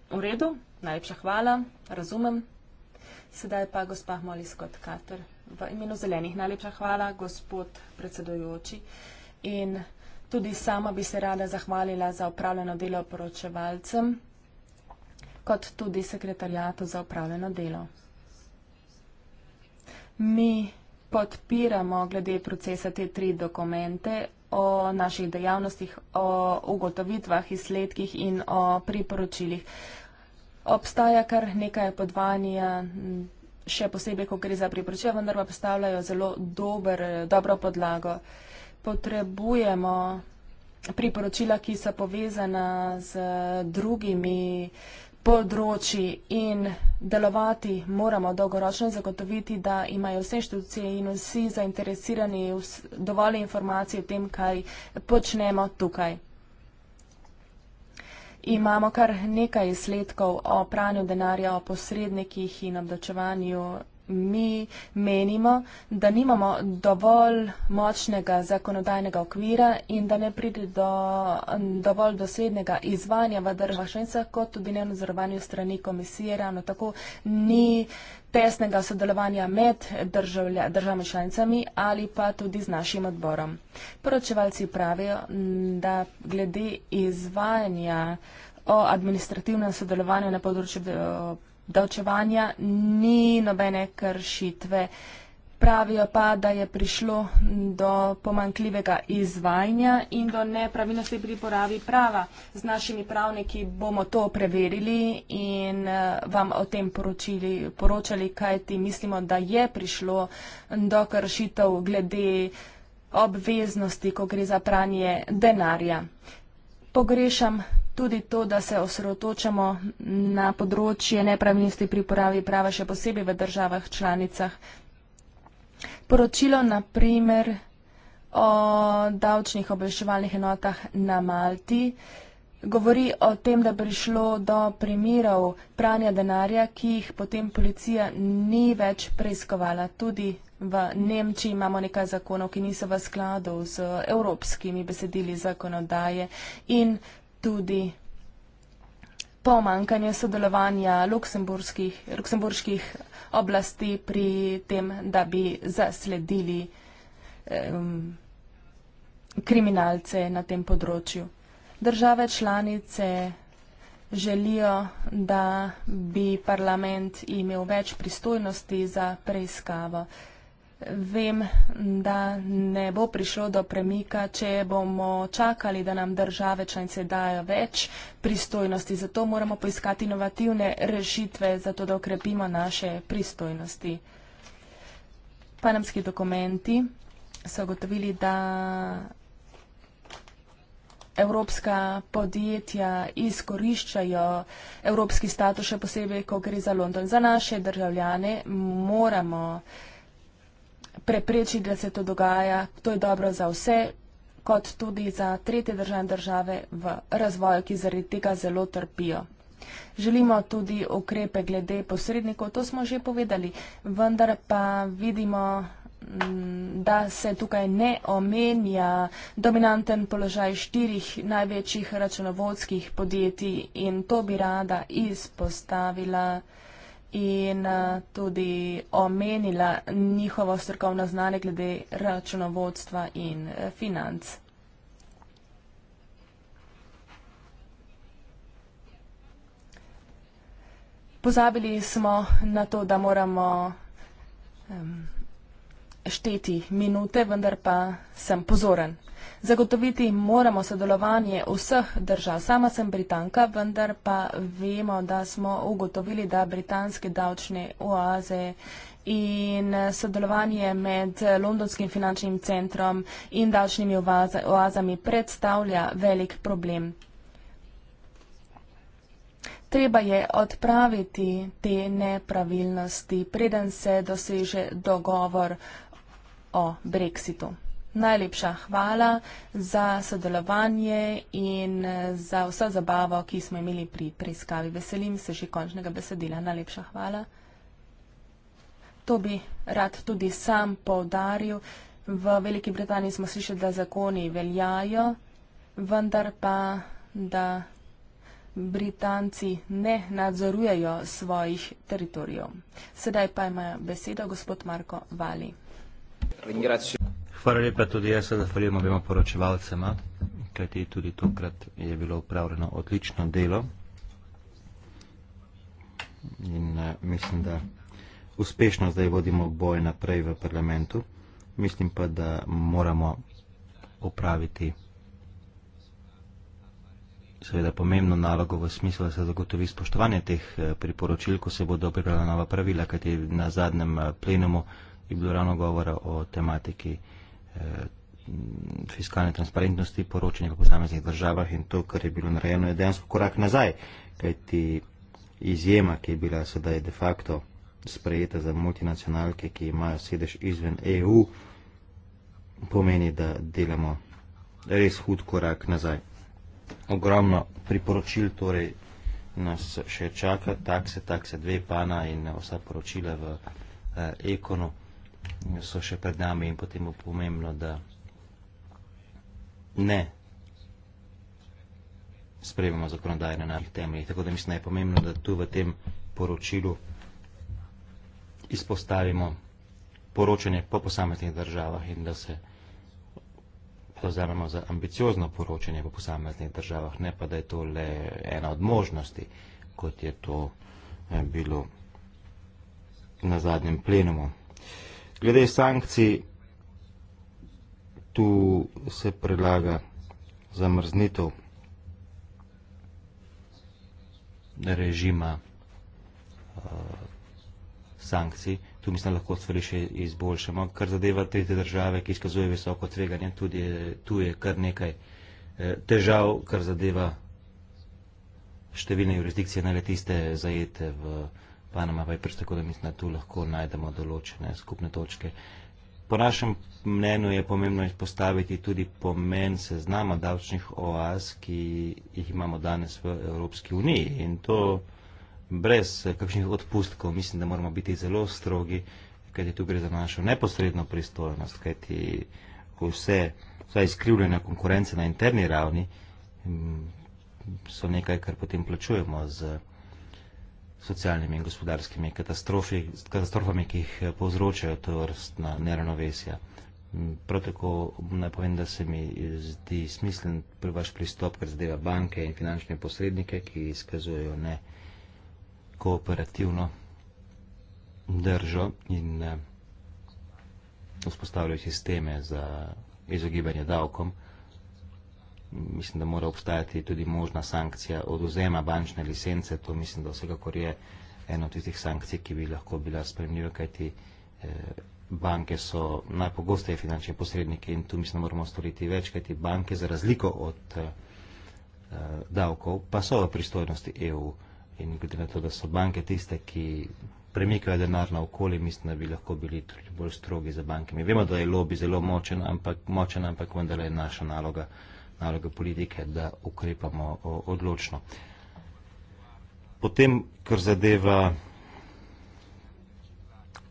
v redu, najlepša hvala, razumem. Sedaj pa gospa Molis kot Katar. V imenu zelenih najlepša hvala, gospod predsedojoči. In tudi sama bi se rada zahvalila za upravljeno delo poročevalcem, kot tudi sekretarjatu za upravljeno delo. Mi podpiramo glede procesa te tri dokumente o naših dejavnostih, o ugotovitvah, izsledkih in o priporočilih. Obstaja kar nekaj podvanja še posebej, ko gre za priporočila, vendar pa predstavljajo zelo dober, eh, dobro podlago. Potrebujemo priporočila, ki so povezana z eh, drugimi področji in delovati moramo dolgoročno in zagotoviti, da imajo vse inštitucije in vsi zainteresirani dovolj informacij o tem, kaj počnemo tukaj. Imamo kar nekaj izsledkov o pranju denarja, o posrednikih in obdačevanju mi menimo, da nimamo dovolj močnega zakonodajnega okvira in da ne pride do dovolj doslednega izvanja v državah švencah, kot tudi ne nadzorovanju strani komisije. Ravno tako ni tesnega sodelovanja med državami članicami ali pa tudi z našim odborom. Poročevalci pravijo, da glede izvanja o administrativnem sodelovanju na področju davčevanja ni nobene kršitve. Pravijo pa, da je prišlo do pomankljivega izvajanja in do nepravilnosti pri poravi prava. Z našimi pravniki bomo to preverili in eh, vam o tem poročili, poročali, kajti mislimo, da je prišlo do kršitev glede obveznosti, ko gre za pranje denarja. Pogrešam Tudi to, da se osredotočamo na področje nepravilnosti pri uporabi prava, še posebej v državah članicah. Poročilo naprimer o davčnih obveščevalnih enotah na Malti govori o tem, da prišlo do primerov pranja denarja, ki jih potem policija ni več preiskovala. Tudi v Nemčiji imamo nekaj zakonov, ki niso v skladu z evropskimi besedili zakonodaje in tudi pomankanje sodelovanja luksemburških, luksemburških oblasti pri tem, da bi zasledili um, kriminalce na tem področju. Države članice želijo, da bi parlament imel več pristojnosti za preiskavo. Vem, da ne bo prišlo do premika, če bomo čakali, da nam države članice dajo več pristojnosti. Zato moramo poiskati inovativne rešitve, zato da okrepimo naše pristojnosti. Panamski dokumenti so gotovili, da evropska podjetja izkoriščajo evropski status, še posebej, ko gre za London. Za naše državljane moramo preprečiti, da se to dogaja. To je dobro za vse, kot tudi za tretje državne države v razvoju, ki zaradi tega zelo trpijo. Želimo tudi ukrepe glede posrednikov, to smo že povedali, vendar pa vidimo, mm, da se tukaj ne omenja dominanten položaj štirih največjih računovodskih podjetij in to bi rada izpostavila in eh, tudi omenila njihovo strokovno znanje glede računovodstva in eh, financ. Pozabili smo na to, da moramo šteti minute, vendar pa sem pozoren. Zagotoviti moramo sodelovanje vseh držav. Sama sem Britanka, vendar pa vemo, da smo ugotovili, da britanske davčne oaze in sodelovanje med Londonskim finančnim centrom in davčnimi oazami predstavlja velik problem. Treba je odpraviti te nepravilnosti, preden se doseže dogovor o Brexitu. Najlepša hvala za sodelovanje in za vso zabavo, ki smo imeli pri preiskavi. Veselim se že končnega besedila. Najlepša hvala. To bi rad tudi sam povdaril. V Veliki Britaniji smo slišali, da zakoni veljajo, vendar pa, da Britanci ne nadzorujejo svojih teritorijev. Sedaj pa ima besedo gospod Marko Vali. Hvala lepa, tudi jaz se zahvaljujem obema poročevalcema, kajti tudi tokrat je bilo upravljeno odlično delo. In uh, mislim, da uspešno zdaj vodimo boj naprej v parlamentu. Mislim pa, da moramo upraviti seveda pomembno nalogo v smislu, da se zagotovi spoštovanje teh eh, priporočil, ko se bodo pripravljena nova pravila, kajti na zadnjem eh, plenumu je bilo ravno govora o tematiki. Eh, fiskalne transparentnosti, poročanje po posameznih državah in to, kar je bilo narejeno, je dejansko korak nazaj. Kajti izjema, ki je bila sedaj de facto sprejeta za multinacionalke, ki imajo sedež izven EU, pomeni, da delamo res hud korak nazaj. Ogromno priporočil torej nas še čaka, takse, takse dve pana in vsa poročila v eh, ekonu so še pred nami in potem bo pomembno, da ne sprejemamo zakonodaje na naših temeljih. Tako da mislim, da je pomembno, da tu v tem poročilu izpostavimo poročanje po posameznih državah in da se zavzamemo za ambiciozno poročanje po posameznih državah, ne pa da je to le ena od možnosti, kot je to eh, bilo na zadnjem plenumu. Glede sankcij, tu se predlaga zamrznitev režima uh, sankcij. Tu mislim, lahko stvari še izboljšamo. Kar zadeva tretje države, ki izkazuje visoko tveganje, tudi eh, tu je kar nekaj eh, težav, kar zadeva številne jurisdikcije, ne le tiste zajete v uh, Panama Papers, tako da mislim, da tu lahko najdemo določene skupne točke. Po našem mnenju je pomembno izpostaviti tudi pomen seznama davčnih oaz, ki jih imamo danes v Evropski uniji in to brez kakšnih odpustkov. Mislim, da moramo biti zelo strogi, kajti tu gre za našo neposredno pristojnost, kajti vse, vse izkrivljene konkurence na interni ravni mm, so nekaj, kar potem plačujemo z socialnimi in gospodarskimi katastrofami, ki jih eh, povzročajo to vrstna neravnovesja. Mm, prav tako naj povem, da se mi eh, zdi smislen pri vaš pristop, kar zadeva banke in finančne posrednike, ki izkazujejo ne kooperativno držo in uh, vzpostavljajo sisteme za izogibanje davkom mislim, da mora obstajati tudi možna sankcija oduzema bančne licence. To mislim, da vsekakor je eno od tistih sankcij, ki bi lahko bila spremljiva, kajti eh, banke so najpogosteje finančne posrednike in tu mislim, da moramo storiti več, kajti banke za razliko od eh, eh davkov pa so v pristojnosti EU in glede na to, da so banke tiste, ki premikajo denar na okolje, mislim, da bi lahko bili tudi bolj strogi za bankami. Vemo, da je lobby zelo močen, ampak, močen, ampak vendar je naša naloga naloga politike, da ukrepamo odločno. Potem, kar zadeva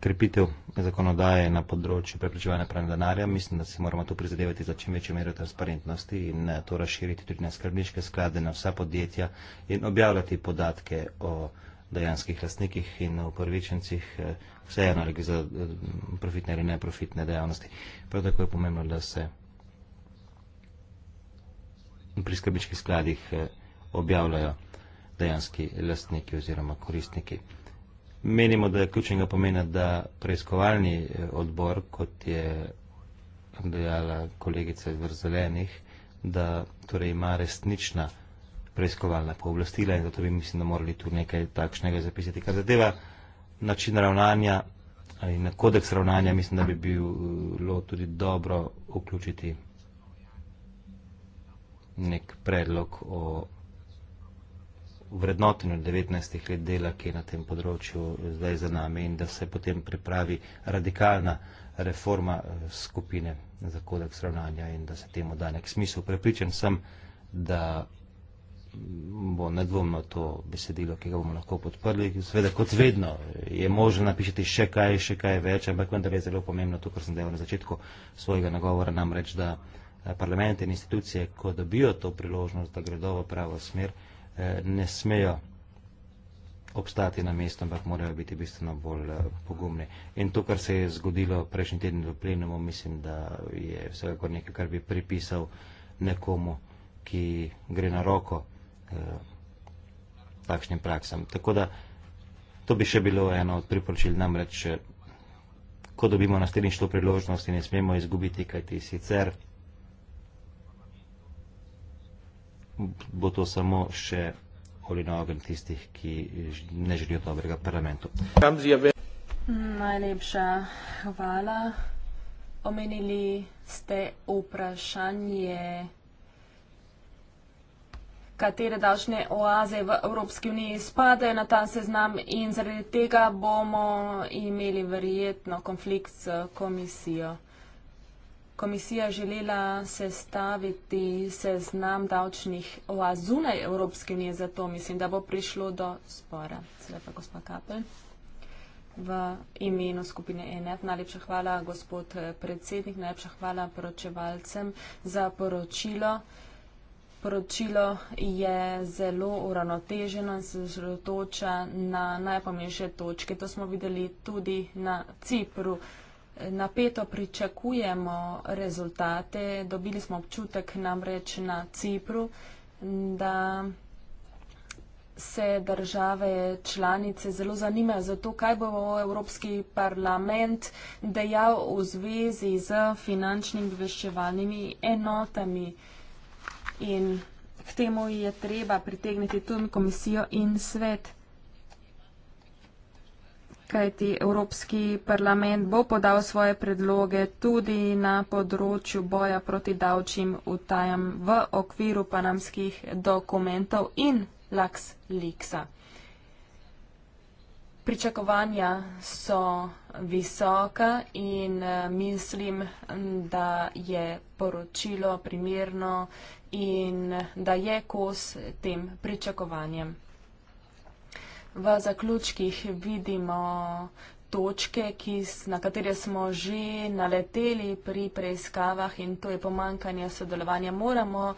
krepitev zakonodaje na področju preprečevanja pranja denarja, mislim, da se moramo tu prizadevati za čim večjo mero transparentnosti in eh, to razširiti tudi na skrbniške sklade, na vsa podjetja in objavljati podatke o dejanskih lastnikih in upravičencih, eh, vseeno ali za eh, profitne ali neprofitne dejavnosti. Prav tako je pomembno, da se pri skrbniških skladih eh, objavljajo dejanski lastniki oziroma koristniki. Menimo, da je ključnega pomena, da preiskovalni eh, odbor, kot je dejala kolegica iz Vrzelenih, da torej ima resnična preiskovalna pooblastila in zato bi mislim, da morali tu nekaj takšnega zapisati. Kar zadeva način ravnanja eh, in na kodeks ravnanja, mislim, da bi bilo tudi dobro vključiti nek predlog o vrednotenju 19 let dela, ki je na tem področju zdaj za nami in da se potem pripravi radikalna reforma eh, skupine za kodeks ravnanja in da se temu da nek smisel. Prepričan sem, da bo nedvomno to besedilo, ki ga bomo lahko podprli. Sveda, kot vedno, je možno napišiti še kaj, še kaj več, ampak vendar je zelo pomembno to, kar sem delal na začetku svojega nagovora, namreč, da Eh, parlamente in institucije, ko dobijo to priložnost, da gredo v pravo smer, eh, ne smejo obstati na mestu, ampak morajo biti bistveno bolj eh, pogumni. In to, kar se je zgodilo prejšnji teden v plenumu, mislim, da je vsekakor nekaj, kar bi pripisal nekomu, ki gre na roko eh, takšnim praksam. Tako da to bi še bilo eno od priporočil, namreč, ko dobimo naslednjič to priložnost in ne smemo izgubiti, kajti sicer bo to samo še oli na ogen tistih, ki ne želijo dobrega parlamentu. Najlepša hvala. Omenili ste vprašanje, katere davčne oaze v Evropski uniji spadajo na ta seznam in zaradi tega bomo imeli verjetno konflikt s komisijo komisija želela sestaviti seznam davčnih oaz zunaj Evropske unije, zato mislim, da bo prišlo do spora. Sedaj pa gospod Kapel v imenu skupine ENF. Najlepša hvala, gospod predsednik, najlepša hvala poročevalcem za poročilo. Poročilo je zelo uravnoteženo in se zrotoča na najpomembnejše točke. To smo videli tudi na Cipru napeto pričakujemo rezultate. Dobili smo občutek namreč na Cipru, da se države članice zelo zanimajo za to, kaj bo Evropski parlament dejal v zvezi z finančnimi obveščevalnimi enotami. In k temu je treba pritegniti tudi komisijo in svet kajti Evropski parlament bo podal svoje predloge tudi na področju boja proti davčim utajam v okviru panamskih dokumentov in laks liksa. Pričakovanja so visoka in eh, mislim, da je poročilo primerno in da je kos tem pričakovanjem. V zaključkih vidimo točke, na katere smo že naleteli pri preiskavah in to je pomankanje sodelovanja. Moramo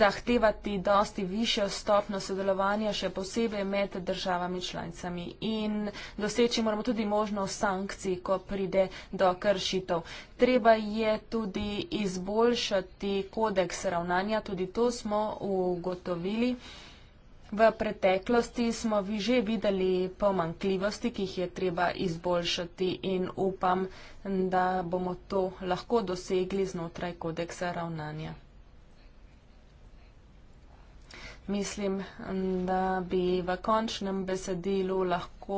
zahtevati dosti više stopno sodelovanja, še posebej med državami članicami in doseči moramo tudi možnost sankcij, ko pride do kršitev. Treba je tudi izboljšati kodeks ravnanja, tudi to smo ugotovili. V preteklosti smo vi že videli pomankljivosti, ki jih je treba izboljšati in upam, da bomo to lahko dosegli znotraj kodeksa ravnanja mislim, da bi v končnem besedilu lahko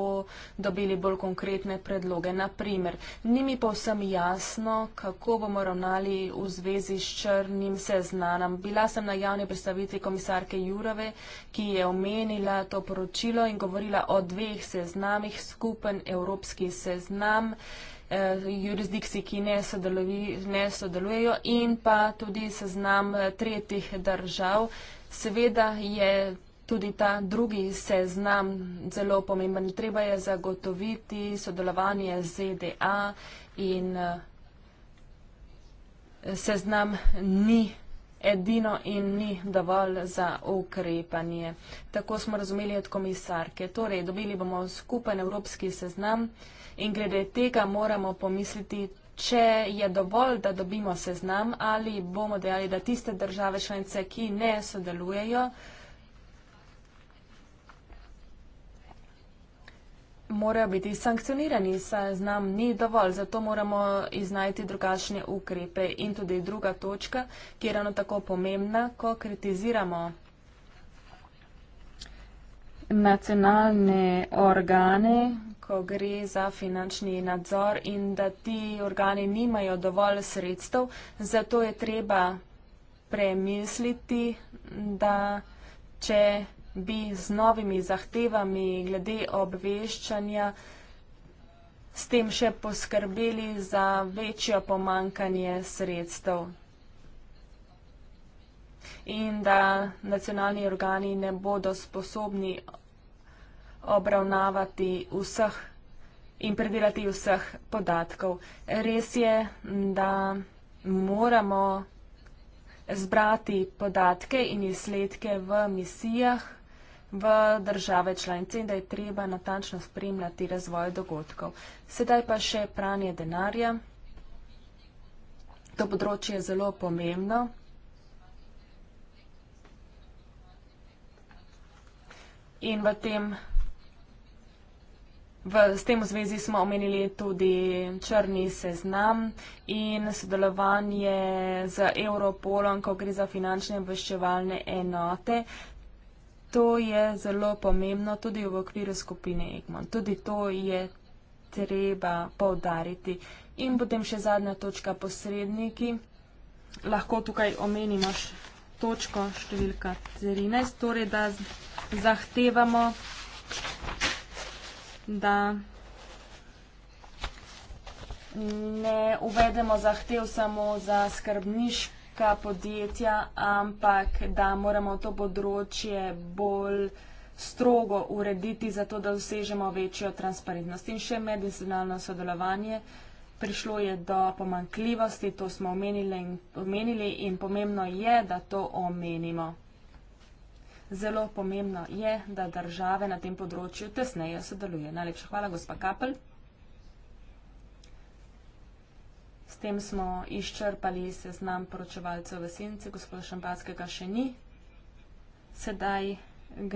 dobili bolj konkretne predloge. Naprimer, ni mi povsem jasno, kako bomo ravnali v zvezi s črnim seznanom. Bila sem na javni predstavitvi komisarke Jurove, ki je omenila to poročilo in govorila o dveh seznamih, skupen evropski seznam eh, jurisdikci, ki ne, sodeluj, ne sodelujejo in pa tudi seznam tretjih držav, Seveda je tudi ta drugi seznam zelo pomemben. Treba je zagotoviti sodelovanje z ZDA in eh, seznam ni edino in ni dovolj za ukrepanje. Tako smo razumeli od komisarke. Torej, dobili bomo skupen evropski seznam in glede tega moramo pomisliti če je dovolj, da dobimo seznam ali bomo dejali, da tiste države članice, ki ne sodelujejo, morajo biti sankcionirani. Seznam ni dovolj, zato moramo iznajti drugačne ukrepe. In tudi druga točka, ki je ravno tako pomembna, ko kritiziramo nacionalne organe ko gre za finančni nadzor in da ti organi nimajo dovolj sredstev, zato je treba premisliti, da če bi z novimi zahtevami glede obveščanja s tem še poskrbeli za večjo pomankanje sredstev. In da nacionalni organi ne bodo sposobni obravnavati vseh in predelati vseh podatkov. Res je, da moramo zbrati podatke in izsledke v misijah v države članice in da je treba natančno spremljati razvoj dogodkov. Sedaj pa še pranje denarja. To področje je zelo pomembno. In v tem V, s tem v zvezi smo omenili tudi črni seznam in sodelovanje z Europolom, ko gre za finančne obveščevalne enote. To je zelo pomembno tudi v okviru skupine Egmont. Tudi to je treba povdariti. In potem še zadnja točka posredniki. Lahko tukaj omenimo točko številka 13, torej da zahtevamo da ne uvedemo zahtev samo za skrbniška podjetja, ampak da moramo to področje bolj strogo urediti, zato da dosežemo večjo transparentnost in še medinstitucionalno sodelovanje. Prišlo je do pomankljivosti, to smo omenili in, omenili in pomembno je, da to omenimo zelo pomembno je, da države na tem področju tesneje sodeluje. Najlepša hvala, gospa Kapelj. S tem smo izčrpali seznam poročevalcev v senci, gospoda Šampanskega še ni. Sedaj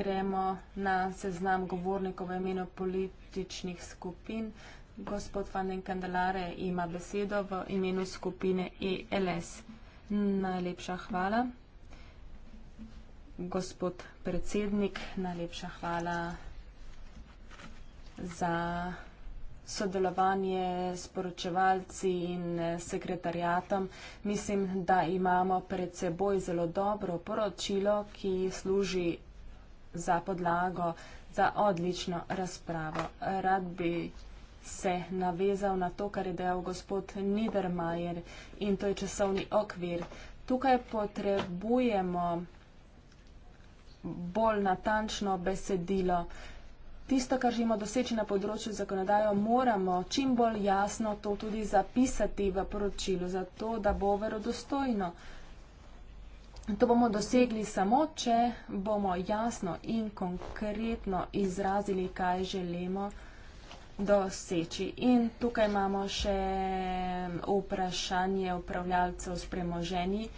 gremo na seznam govornikov v imenu političnih skupin. Gospod Fanden Kandelare ima besedo v imenu skupine ELS. Najlepša hvala. Gospod predsednik, najlepša hvala za sodelovanje s poročevalci in sekretarjatom. Mislim, da imamo pred seboj zelo dobro poročilo, ki služi za podlago za odlično razpravo. Rad bi se navezal na to, kar je dejal gospod Niedermayer in to je časovni okvir. Tukaj potrebujemo bolj natančno besedilo. Tisto, kar želimo doseči na področju zakonodajo, moramo čim bolj jasno to tudi zapisati v poročilu, zato da bo verodostojno. To bomo dosegli samo, če bomo jasno in konkretno izrazili, kaj želimo doseči. In tukaj imamo še vprašanje upravljalcev s premoženji.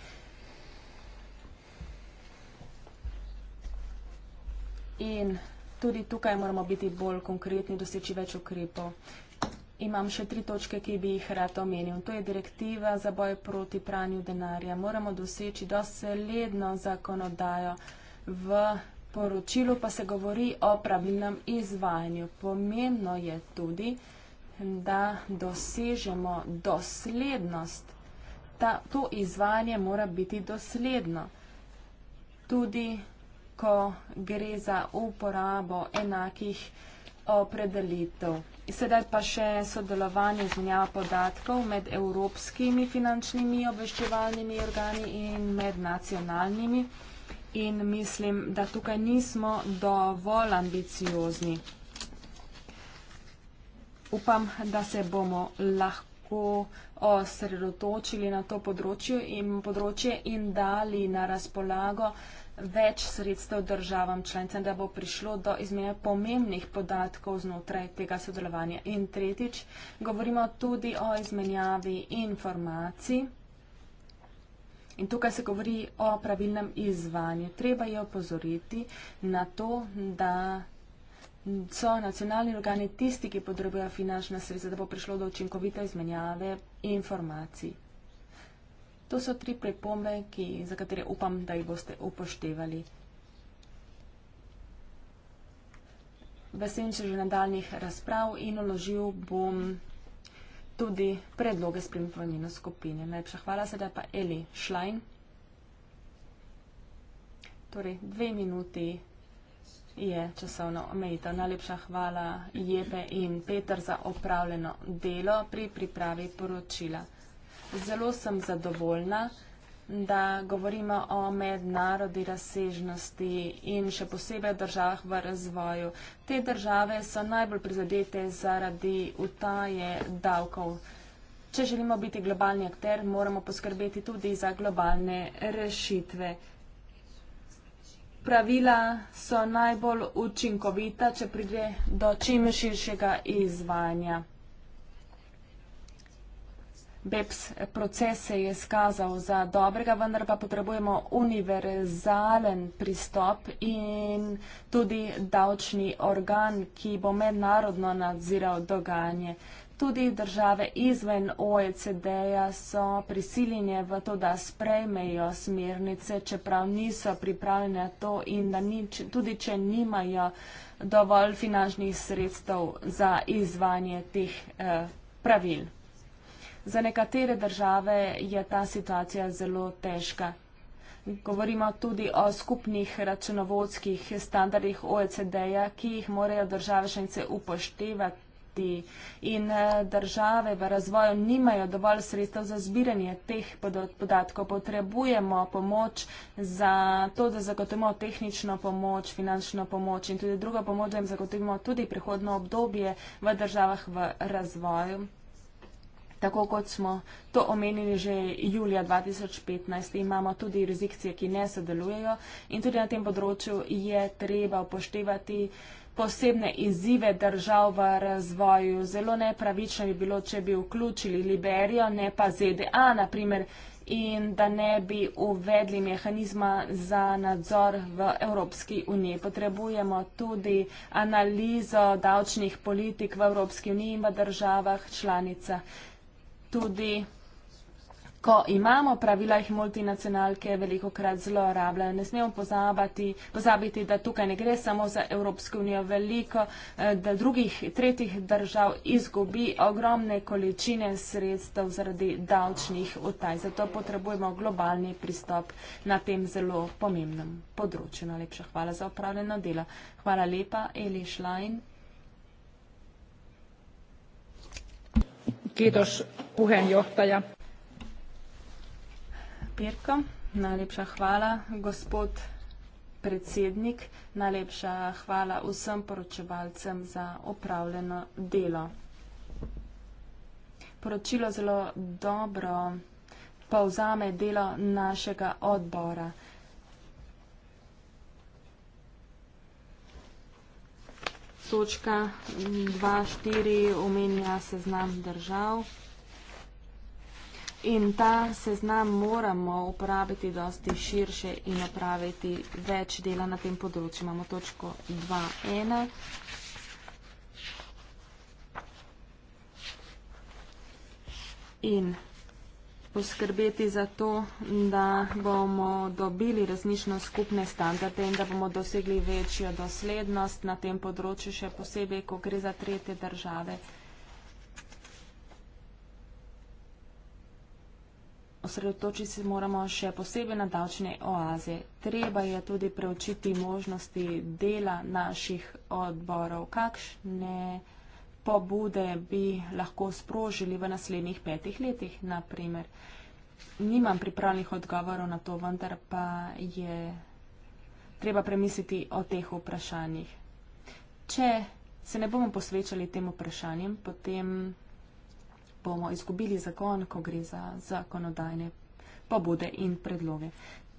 in tudi tukaj moramo biti bolj konkretni, doseči več ukrepov. Imam še tri točke, ki bi jih rad omenil. To je direktiva za boj proti pranju denarja. Moramo doseči dosledno zakonodajo. V poročilu pa se govori o pravilnem izvajanju. Pomembno je tudi, da dosežemo doslednost. Ta, to izvajanje mora biti dosledno. Tudi ko gre za uporabo enakih opredelitev. Sedaj pa še sodelovanje izmenjava podatkov med evropskimi finančnimi obveščevalnimi organi in med nacionalnimi. In mislim, da tukaj nismo dovolj ambiciozni. Upam, da se bomo lahko osredotočili na to področje in, področje in dali na razpolago več sredstev državam članicam, da bo prišlo do izmene pomembnih podatkov znotraj tega sodelovanja. In tretjič, govorimo tudi o izmenjavi informacij. In tukaj se govori o pravilnem izvanju. Treba je opozoriti na to, da so nacionalni organi tisti, ki podrobijo finančna sredstva, da bo prišlo do učinkovite izmenjave informacij. To so tri pripombe, ki, za katere upam, da jih boste upoštevali. Veselim se že nadaljnih razprav in uložil bom tudi predloge sprememb v imenu skupine. Najlepša hvala, sedaj pa Eli Schlein. Torej, dve minuti je časovno omejitev. Najlepša hvala Jepe in Peter za opravljeno delo pri pripravi poročila. Zelo sem zadovoljna, da govorimo o mednarodni razsežnosti in še posebej o državah v razvoju. Te države so najbolj prizadete zaradi utaje davkov. Če želimo biti globalni akter, moramo poskrbeti tudi za globalne rešitve. Pravila so najbolj učinkovita, če pride do čim širšega izvajanja. BEPS proces se je skazal za dobrega, vendar pa potrebujemo univerzalen pristop in tudi davčni organ, ki bo mednarodno nadziral dogajanje. Tudi države izven OECD-ja so prisiljene v to, da sprejmejo smernice, čeprav niso pripravljene to in da nič, tudi, če nimajo dovolj finančnih sredstev za izvanje teh eh, pravil. Za nekatere države je ta situacija zelo težka. Govorimo tudi o skupnih računovodskih standardih OECD-ja, ki jih morajo države šence upoštevati in eh, države v razvoju nimajo dovolj sredstev za zbiranje teh podatkov. Potrebujemo pomoč za to, da zagotovimo tehnično pomoč, finančno pomoč in tudi drugo pomoč, da jim zagotovimo tudi prihodno obdobje v državah v razvoju tako kot smo to omenili že julija 2015, imamo tudi rezikcije, ki ne sodelujejo in tudi na tem področju je treba upoštevati posebne izzive držav v razvoju. Zelo nepravično bi bilo, če bi vključili Liberijo, ne pa ZDA, naprimer, in da ne bi uvedli mehanizma za nadzor v Evropski uniji. Potrebujemo tudi analizo davčnih politik v Evropski uniji in v državah članicah tudi Ko imamo pravila, jih multinacionalke veliko krat zelo rabljajo. Ne smemo pozabati, pozabiti, da tukaj ne gre samo za Evropsko unijo. Veliko eh, da drugih, tretjih držav izgubi ogromne količine sredstev zaradi davčnih utaj. Zato potrebujemo globalni pristop na tem zelo pomembnem področju. Najlepša hvala za opravljeno delo. Hvala lepa, Eli Šlajn. Pirko, najlepša hvala. Gospod predsednik, najlepša hvala vsem poročevalcem za opravljeno delo. Poročilo zelo dobro povzame delo našega odbora. točka 2.4 omenja seznam držav. In ta seznam moramo uporabiti dosti širše in opraviti več dela na tem področju. Imamo točko 2.1. In poskrbeti za to, da bomo dobili resnično skupne standarde in da bomo dosegli večjo doslednost na tem področju, še posebej, ko gre za tretje države. Osredotočiti se moramo še posebej na davčne oaze. Treba je tudi preučiti možnosti dela naših odborov. Kakšne? pobude bi lahko sprožili v naslednjih petih letih, naprimer. Nimam pripravljenih odgovorov na to, vendar pa je treba premisliti o teh vprašanjih. Če se ne bomo posvečali tem vprašanjem, potem bomo izgubili zakon, ko gre za zakonodajne pobude in predloge.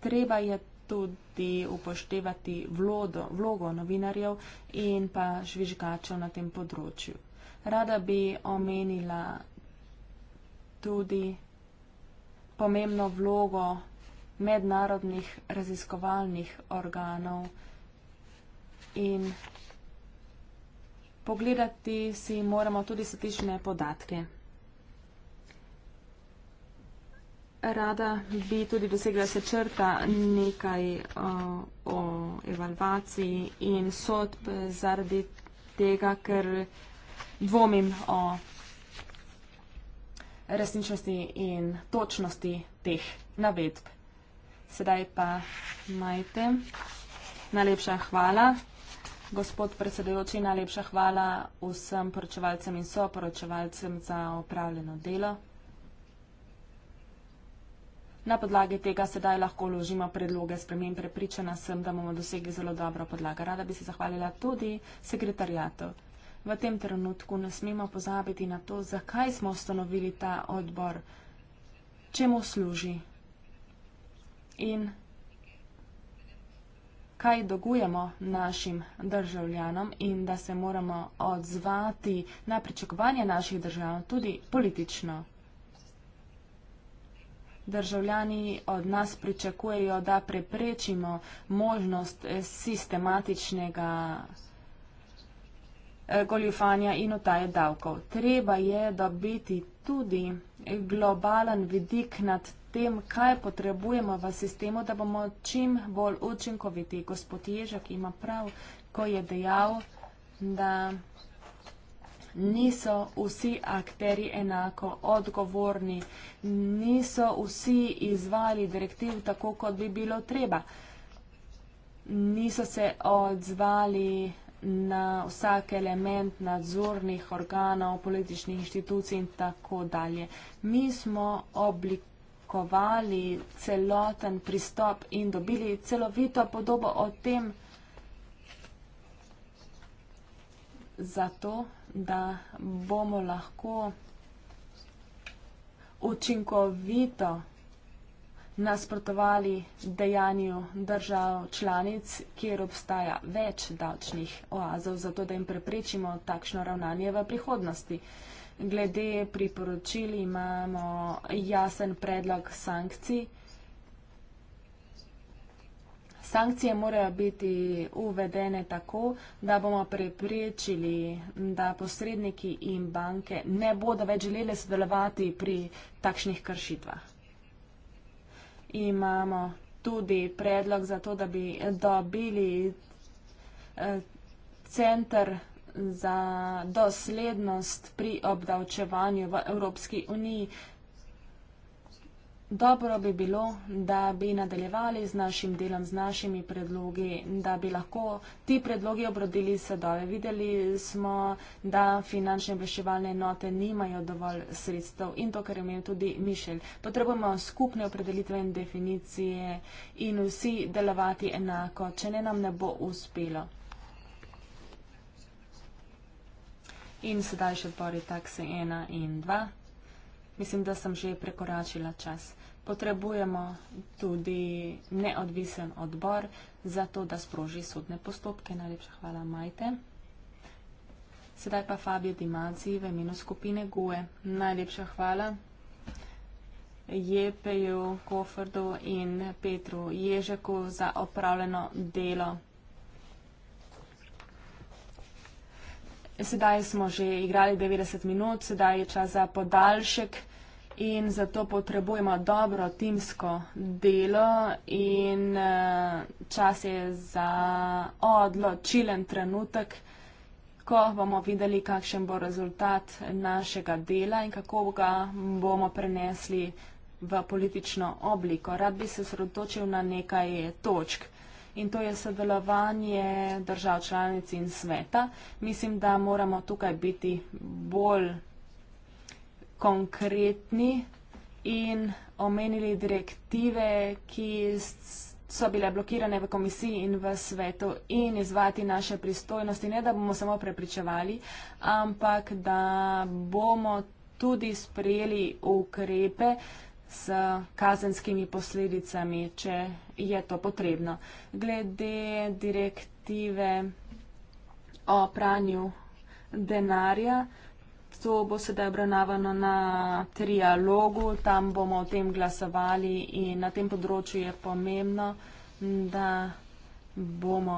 Treba je tudi upoštevati vlodo, vlogo novinarjev in pa žvižgačev na tem področju. Rada bi omenila tudi pomembno vlogo mednarodnih raziskovalnih organov in pogledati si moramo tudi statične podatke. Rada bi tudi dosegla se črta nekaj uh, o evalvaciji in sodb zaradi tega, ker dvomim o resničnosti in točnosti teh navedb. Sedaj pa majte. Najlepša hvala. Gospod predsedujoči, najlepša hvala vsem poročevalcem in soporočevalcem za opravljeno delo. Na podlagi tega sedaj lahko ložimo predloge spremen. Prepričana sem, da bomo dosegli zelo dobro podlaga. Rada bi se zahvalila tudi sekretarjatov v tem trenutku ne smemo pozabiti na to, zakaj smo ustanovili ta odbor, čemu služi in kaj dogujemo našim državljanom in da se moramo odzvati na pričakovanje naših držav tudi politično. Državljani od nas pričakujejo, da preprečimo možnost sistematičnega Eh, goljufanja in utaje davkov. Treba je dobiti tudi globalen vidik nad tem, kaj potrebujemo v sistemu, da bomo čim bolj učinkoviti. Gospod Ježek ima prav, ko je dejal, da niso vsi akteri enako odgovorni, niso vsi izvali direktiv tako, kot bi bilo treba. Niso se odzvali uh, na vsak element nadzornih organov, političnih inštitucij in tako dalje. Mi smo oblikovali celoten pristop in dobili celovito podobo o tem zato, da bomo lahko učinkovito vsega, nasprotovali dejanju držav članic, kjer obstaja več davčnih oazov, zato da jim preprečimo takšno ravnanje v prihodnosti. Glede priporočili imamo jasen predlog sankcij. Sankcije morajo biti uvedene tako, da bomo preprečili, da posredniki in banke ne bodo več želeli sodelovati pri takšnih kršitvah imamo tudi predlog za to, da bi dobili eh, centr za doslednost pri obdavčevanju v Evropski uniji. Dobro bi bilo, da bi nadaljevali z našim delom, z našimi predlogi, da bi lahko ti predlogi obrodili sadove. Videli smo, da finančne obveščevalne enote nimajo dovolj sredstev in to, kar je imel tudi Mišel. Potrebujemo skupne opredelitve in definicije in vsi delovati enako, če ne nam ne bo uspelo. In sedaj še pori takse 1 in 2 mislim, da sem že prekoračila čas. Potrebujemo tudi neodvisen odbor za to, da sproži sodne postopke. Najlepša hvala, Majte. Sedaj pa Fabio Dimanzi v imenu skupine GUE. Najlepša hvala Jepeju Kofrdu in Petru Ježeku za opravljeno delo. Sedaj smo že igrali 90 minut, sedaj je čas za podaljšek in zato potrebujemo dobro timsko delo in eh, čas je za odločilen trenutek, ko bomo videli, kakšen bo rezultat našega dela in kako ga bomo prenesli v politično obliko. Rad bi se sredotočil na nekaj točk. In to je sodelovanje držav članic in sveta. Mislim, da moramo tukaj biti bolj konkretni in omenili direktive, ki so bile blokirane v komisiji in v svetu in izvati naše pristojnosti, ne da bomo samo prepričevali, ampak da bomo tudi sprejeli ukrepe s kazenskimi posledicami, če je to potrebno. Glede direktive o pranju denarja, To bo sedaj obravnavano na trialogu, tam bomo o tem glasovali in na tem področju je pomembno, da bomo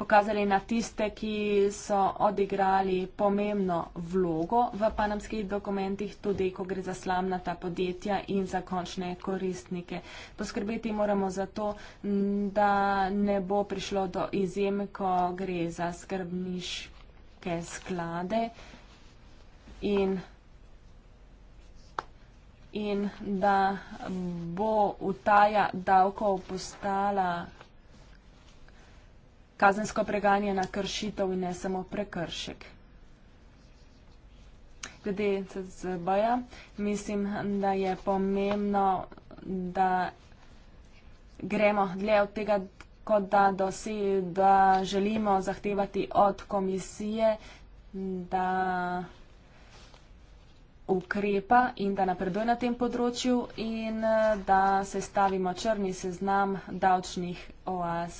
pokazali na tiste, ki so odigrali pomembno vlogo v panamskih dokumentih, tudi ko gre za slamnata podjetja in za končne koristnike. Poskrbeti moramo za to, da ne bo prišlo do izjem, ko gre za skrbniške sklade in, in da bo utaja davkov postala kazensko preganjena kršitev in ne samo prekršek. Glede CCB-ja, mislim, da je pomembno, da gremo dlje od tega, kot da, dosi, da želimo zahtevati od komisije, da ukrepa in da napreduje na tem področju in eh, da se stavimo črni seznam davčnih oaz.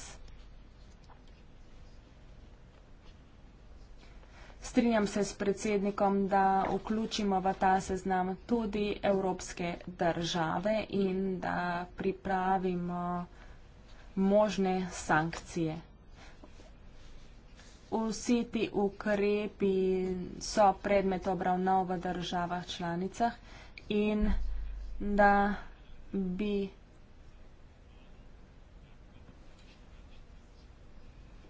Strinjam se s predsednikom, da vključimo v ta seznam tudi evropske države in da pripravimo možne sankcije vsi ti ukrepi so predmet obravnav v državah članicah in da bi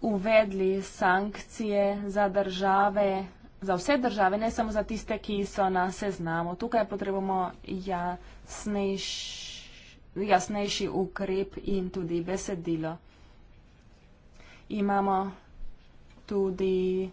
uvedli sankcije za države, za vse države, ne samo za tiste, ki so na seznamu. Tukaj potrebujemo jasnejš, jasnejši ukrep in tudi besedilo. Imamo tudi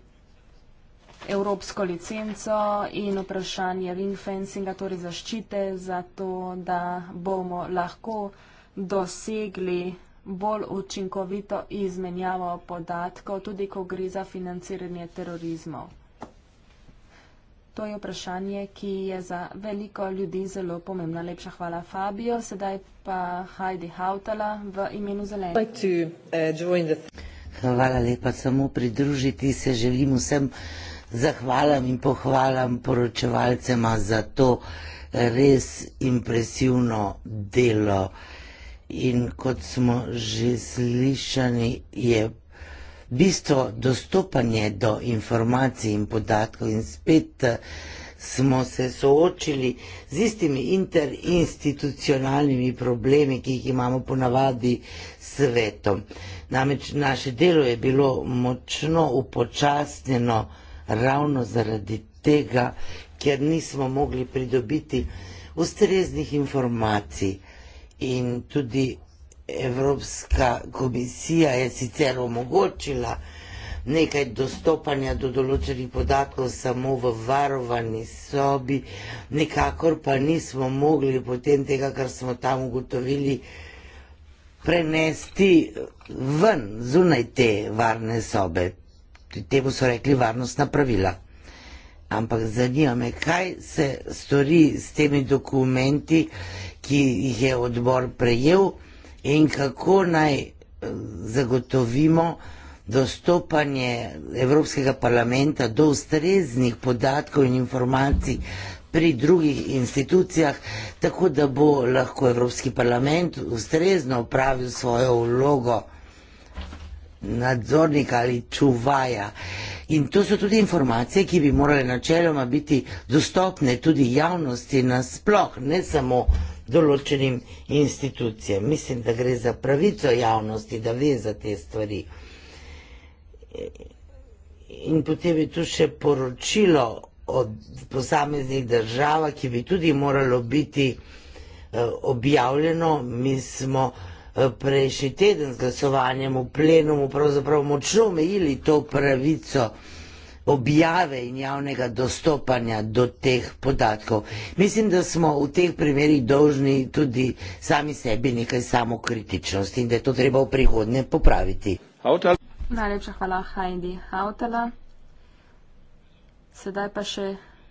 evropsko licenco in vprašanje ringfencinga, torej zaščite, zato da bomo lahko dosegli bolj učinkovito izmenjavo podatkov, tudi ko gre za financiranje terorizmov. To je vprašanje, ki je za veliko ljudi zelo pomembno. Lepša hvala Fabio, sedaj pa Heidi Hautala v imenu Zelenih. Eh, Hvala lepa, samo pridružiti se želim vsem zahvalam in pohvalam poročevalcema za to res impresivno delo. In kot smo že slišali, je bistvo dostopanje do informacij in podatkov in spet eh, smo se soočili z istimi interinstitucionalnimi problemi, ki jih imamo ponavadi s svetom. Namreč naše delo je bilo močno upočasnjeno ravno zaradi tega, ker nismo mogli pridobiti ustreznih informacij. In tudi Evropska komisija je sicer omogočila nekaj dostopanja do določenih podatkov samo v varovani sobi, nekakor pa nismo mogli potem tega, kar smo tam ugotovili, prenesti ven, zunaj te varne sobe. Temu so rekli varnostna pravila. Ampak zanima me, kaj se stori s temi dokumenti, ki jih je odbor prejel in kako naj eh, zagotovimo dostopanje Evropskega parlamenta do ustreznih podatkov in informacij pri drugih institucijah, tako da bo lahko Evropski parlament ustrezno upravil svojo vlogo nadzornika ali čuvaja. In to so tudi informacije, ki bi morale načeloma biti dostopne tudi javnosti nasploh, ne samo določenim institucijam. Mislim, da gre za pravico javnosti, da ve za te stvari. In potem je tu še poročilo od posameznih država, ki bi tudi moralo biti eh, objavljeno. Mi smo eh, prejšnji teden z glasovanjem v plenumu pravzaprav močno omejili to pravico objave in javnega dostopanja do teh podatkov. Mislim, da smo v teh primerih dolžni tudi sami sebi nekaj samokritičnosti in da je to treba v prihodnje popraviti. Najlepša hvala, Heidi Hautala. Sedaj pa še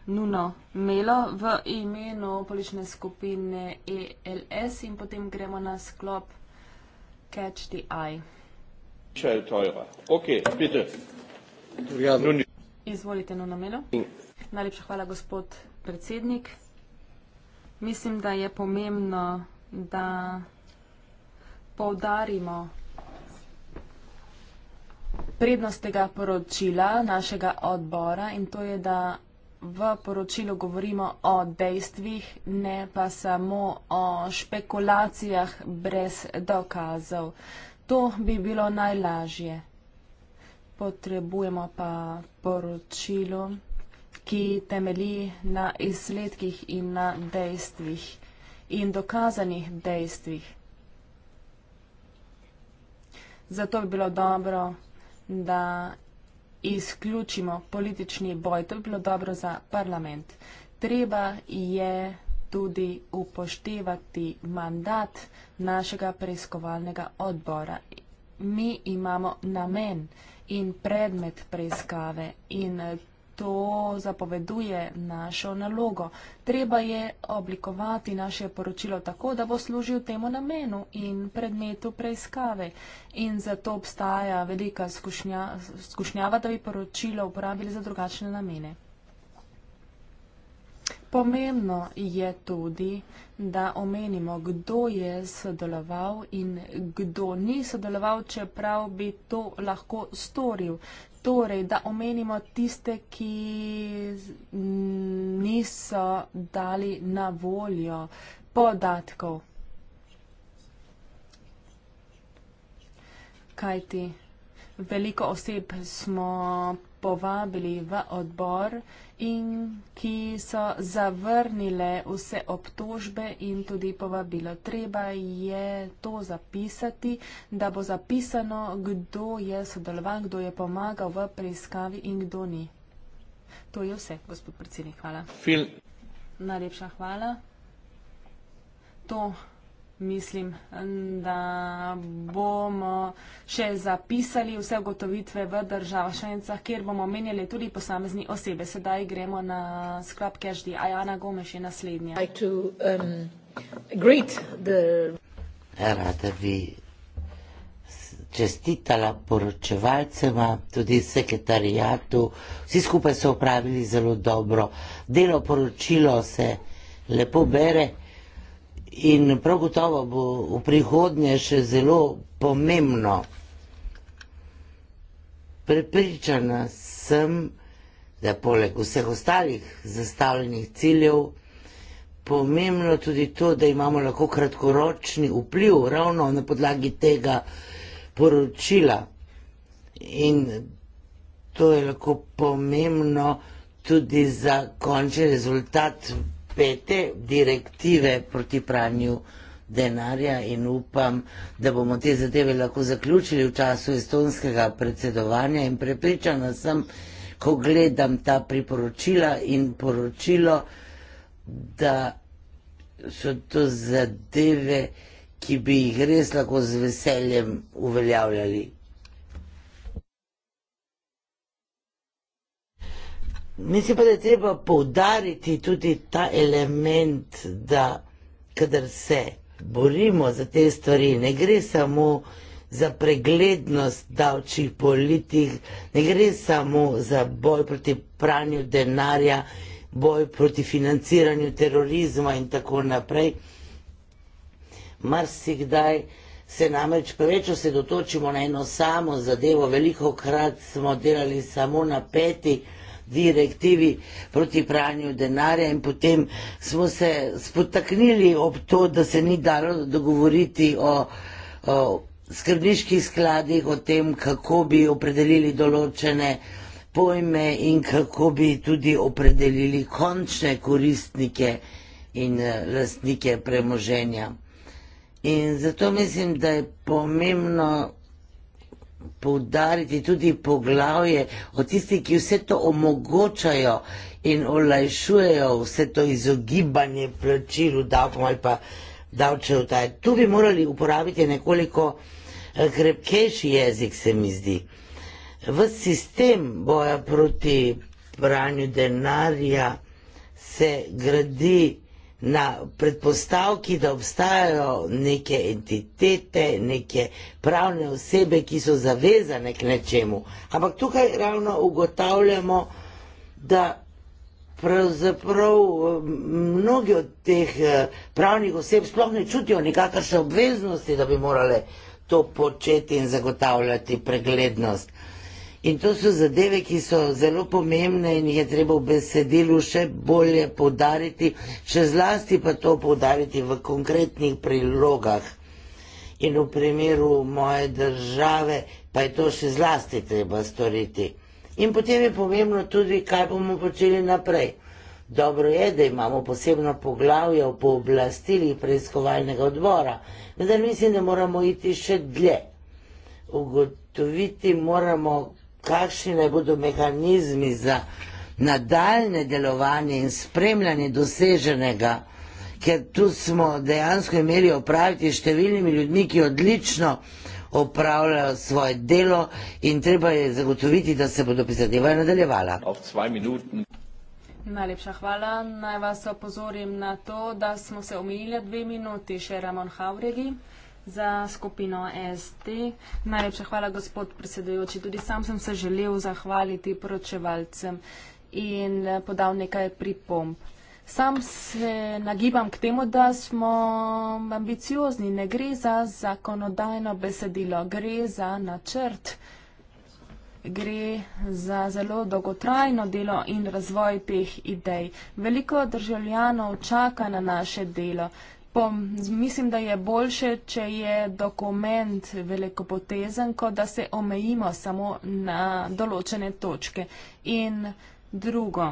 Nuno Melo v imenu polične skupine ELS in potem gremo na sklop Catch the Eye. Okay, ja. Izvolite, Nuno Melo. Najlepša hvala, gospod predsednik. Mislim, da je pomembno, da poudarimo prednost tega poročila našega odbora in to je, da v poročilu govorimo o dejstvih, ne pa samo o špekulacijah brez dokazov. To bi bilo najlažje. Potrebujemo pa poročilo, ki temelji na izsledkih in na dejstvih in dokazanih dejstvih. Zato bi bilo dobro da izključimo politični boj. To bi bilo dobro za parlament. Treba je tudi upoštevati mandat našega preiskovalnega odbora. Mi imamo namen in predmet preiskave in to zapoveduje našo nalogo. Treba je oblikovati naše poročilo tako, da bo služil temu namenu in predmetu preiskave. In zato obstaja velika skušnja, skušnjava, da bi poročilo uporabili za drugačne namene. Pomembno je tudi, da omenimo, kdo je sodeloval in kdo ni sodeloval, čeprav bi to lahko storil. Torej, da omenimo tiste, ki niso dali na voljo podatkov. Kajti, veliko oseb smo povabili v odbor in ki so zavrnile vse obtožbe in tudi povabilo. Treba je to zapisati, da bo zapisano, kdo je sodeloval, kdo je pomagal v preiskavi in kdo ni. To je vse, gospod predsednik. Hvala. Fil. Najlepša hvala. To mislim, da bomo še zapisali vse ugotovitve v državah šenicah, kjer bomo menjali tudi posamezni osebe. Sedaj gremo na sklop Cash D. Ajana Gomes je naslednja. Um, Hvala, da bi čestitala poročevalcema, tudi sekretarijatu. Vsi skupaj so opravili zelo dobro. Delo poročilo se lepo bere. In prav gotovo bo v prihodnje še zelo pomembno. Prepričana sem, da poleg vseh ostalih zastavljenih ciljev, pomembno tudi to, da imamo lahko kratkoročni vpliv ravno na podlagi tega poročila. In to je lahko pomembno tudi za končni rezultat pete direktive proti pranju denarja in upam, da bomo te zadeve lahko zaključili v času estonskega predsedovanja in prepričana sem, ko gledam ta priporočila in poročilo, da so to zadeve, ki bi jih res lahko z veseljem uveljavljali Mislim pa, da je treba poudariti tudi ta element, da kadar se borimo za te stvari, ne gre samo za preglednost davčnih politik, ne gre samo za boj proti pranju denarja, boj proti financiranju terorizma in tako naprej. Marsikdaj se namreč preveč osredotočimo na eno samo zadevo, veliko krat smo delali samo na peti, direktivi proti pranju denarja in potem smo se spotaknili ob to, da se ni dalo dogovoriti o, o skrbniških skladih, o tem, kako bi opredelili določene pojme in kako bi tudi opredelili končne koristnike in eh, lastnike premoženja. In zato mislim, da je pomembno poudariti tudi poglavje o tistih, ki vse to omogočajo in olajšujejo vse to izogibanje plačilu davkom ali pa davče vtaje. Tu bi morali uporabiti nekoliko eh, krepkejši jezik, se mi zdi. V sistem boja proti pranju denarja se gradi na predpostavki, da obstajajo neke entitete, neke pravne osebe, ki so zavezane k nečemu. Ampak tukaj ravno ugotavljamo, da pravzaprav eh, mnogi od teh eh, pravnih oseb sploh ne čutijo nikakršne obveznosti, da bi morale to početi in zagotavljati preglednost. In to so zadeve, ki so zelo pomembne in jih je treba v besedilu še bolje podariti, še zlasti pa to podariti v konkretnih prilogah. In v primeru moje države pa je to še zlasti treba storiti. In potem je pomembno tudi, kaj bomo počeli naprej. Dobro je, da imamo posebno poglavje o pooblastilih preiskovalnega odbora, vendar mislim, da moramo iti še dlje. Ugotoviti moramo, kakšni naj bodo mehanizmi za nadaljne delovanje in spremljanje doseženega, ker tu smo dejansko imeli opraviti številnimi ljudmi, ki odlično opravljajo svoje delo in treba je zagotoviti, da se bodo prizadevanja nadaljevala. Najlepša hvala. Naj vas opozorim na to, da smo se omejili dve minuti še Ramon Havregi za skupino SD. Najlepša hvala, gospod predsedujoči. Tudi sam sem se želel zahvaliti poročevalcem in eh, podal nekaj pripomb. Sam se nagibam k temu, da smo ambiciozni. Ne gre za zakonodajno besedilo, gre za načrt. Gre za zelo dolgotrajno delo in razvoj teh idej. Veliko državljanov čaka na naše delo. Bom, mislim, da je boljše, če je dokument velikopotezen, kot da se omejimo samo na določene točke. In drugo,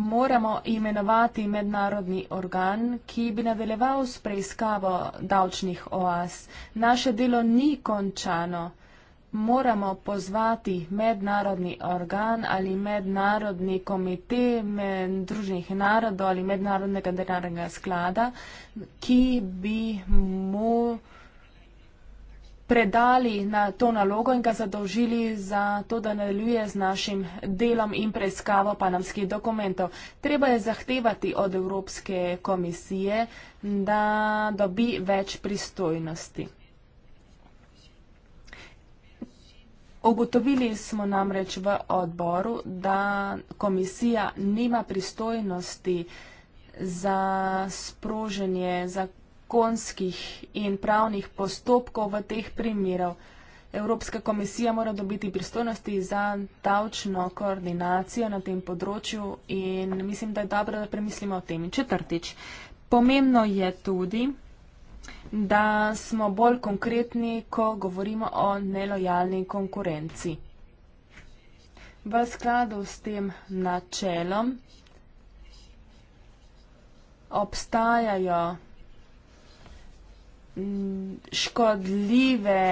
moramo imenovati mednarodni organ, ki bi nadaljeval s preiskavo davčnih oas. Naše delo ni končano moramo pozvati mednarodni organ ali mednarodni komite med družnih narodov ali mednarodnega denarnega sklada, ki bi mu predali na to nalogo in ga zadolžili za to, da nadaljuje z našim delom in preiskavo panamskih dokumentov. Treba je zahtevati od Evropske komisije, da dobi več pristojnosti. Ugotovili smo namreč v odboru, da komisija nima pristojnosti za sproženje zakonskih in pravnih postopkov v teh primerov. Evropska komisija mora dobiti pristojnosti za davčno koordinacijo na tem področju in mislim, da je dobro, da premislimo o tem. Četrtič. Pomembno je tudi, da smo bolj konkretni, ko govorimo o nelojalni konkurenci. V skladu s tem načelom obstajajo škodljive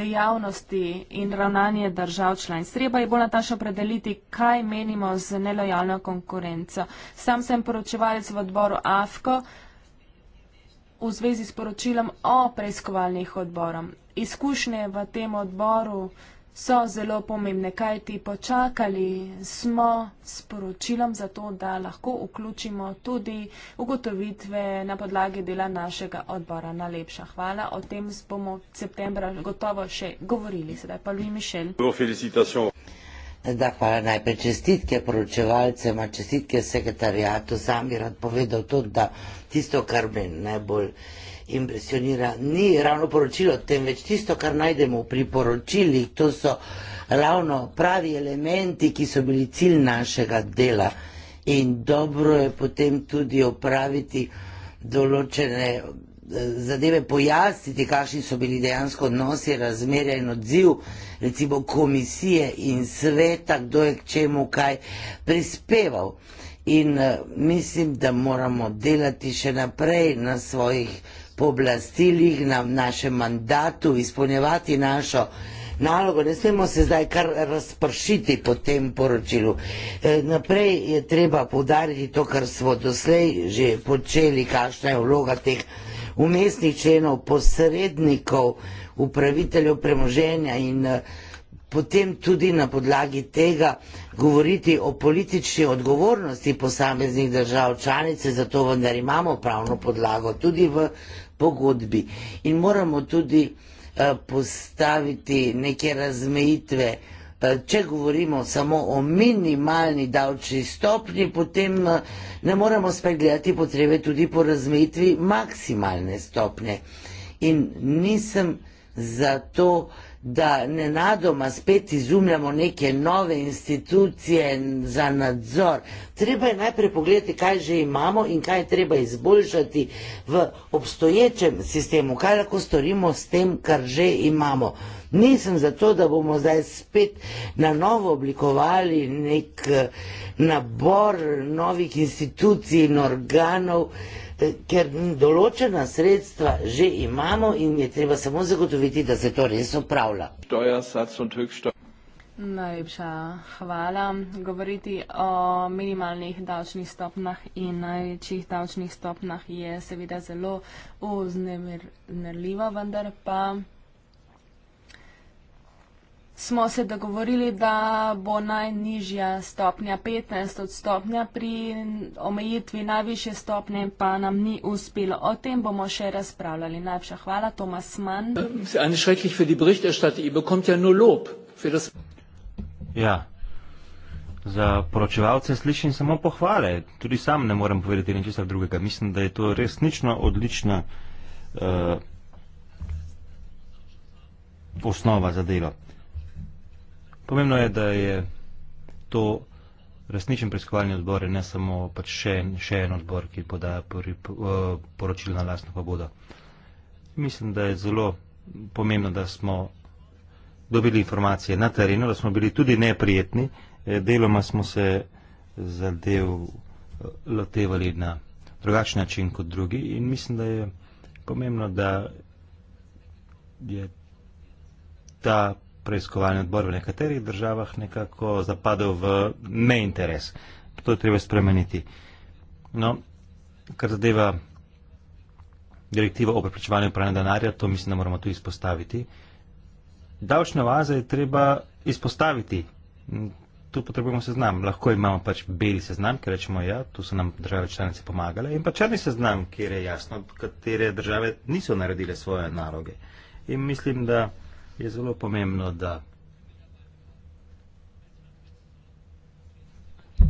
dejavnosti in ravnanje držav članic. Treba je bolj natančno opredeliti, kaj menimo z nelojalno konkurenco. Sam sem poročevalec v odboru AFKO, v zvezi s poročilom o preiskovalnih odborom. Izkušnje v tem odboru so zelo pomembne, kaj ti počakali smo s poročilom za to, da lahko vključimo tudi ugotovitve na podlagi dela našega odbora. Najlepša hvala, o tem bomo septembra gotovo še govorili. Sedaj pa vi, Mišel. Bo, da pa najprej čestitke poročevalcem, čestitke sekretarijatu, sam je rad povedal to, da tisto, kar me najbolj impresionira, ni ravno poročilo, temveč tisto, kar najdemo v priporočilih, to so ravno pravi elementi, ki so bili cilj našega dela. In dobro je potem tudi opraviti določene zadeve pojasniti, kakšni so bili dejansko odnosi, razmerja in odziv recimo komisije in sveta, kdo je k čemu kaj prispeval. In eh, mislim, da moramo delati še naprej na svojih pooblastilih, na našem mandatu, izpolnjevati našo nalogo. Ne smemo se zdaj kar razpršiti po tem poročilu. Eh, naprej je treba povdariti to, kar smo doslej že počeli, kakšna je vloga teh umestnih členov, posrednikov, upraviteljev premoženja in eh, potem tudi na podlagi tega govoriti o politični odgovornosti posameznih držav članice, zato vendar imamo pravno podlago tudi v pogodbi in moramo tudi eh, postaviti neke razmejitve, Eh, če govorimo samo o minimalni davčni stopnji, potem eh, ne moremo spet gledati potrebe tudi po razmetvi maksimalne stopnje. In nisem za to, da nenadoma spet izumljamo neke nove institucije za nadzor. Treba je najprej pogledati, kaj že imamo in kaj treba izboljšati v obstoječem sistemu, kaj lahko storimo s tem, kar že imamo. Nisem zato, da bomo zdaj spet na novo oblikovali nek eh, nabor novih institucij in organov, eh, ker določena sredstva že imamo in je treba samo zagotoviti, da se to res upravlja. Najlepša hvala. Govoriti o minimalnih davčnih stopnah in največjih davčnih stopnah je seveda zelo uznemirljivo, vendar pa smo se dogovorili, da bo najnižja stopnja 15 odstopnja, pri omejitvi najviše stopnje pa nam ni uspelo. O tem bomo še razpravljali. Najlepša hvala, Tomas Mann. Ja, ja, ja. Za poročevalce slišim samo pohvale, tudi sam ne morem povedati ničesar drugega. Mislim, da je to resnično odlična uh, osnova za delo. Pomembno je, da je to resničen preiskovalni odbor in ne samo pač še, en, še en odbor, ki podaja eh, poročila na lastno pobudo. Mislim, da je zelo pomembno, da smo dobili informacije na terenu, da smo bili tudi neprijetni. Eh, deloma smo se zadev eh, lotevali na drugačen način kot drugi in mislim, da je pomembno, da je ta preiskovalni odbor v nekaterih državah nekako zapadel v neinteres. To je treba spremeniti. No, kar zadeva direktivo o preprečevanju pranja denarja, to mislim, da moramo tu izpostaviti. Davčne oaze je treba izpostaviti. Tu potrebujemo seznam. Lahko imamo pač beli seznam, ki rečemo, ja, tu so nam države članice pomagale, in pa črni seznam, kjer je jasno, katere države niso naredile svoje naloge. In mislim, da je zelo pomembno, da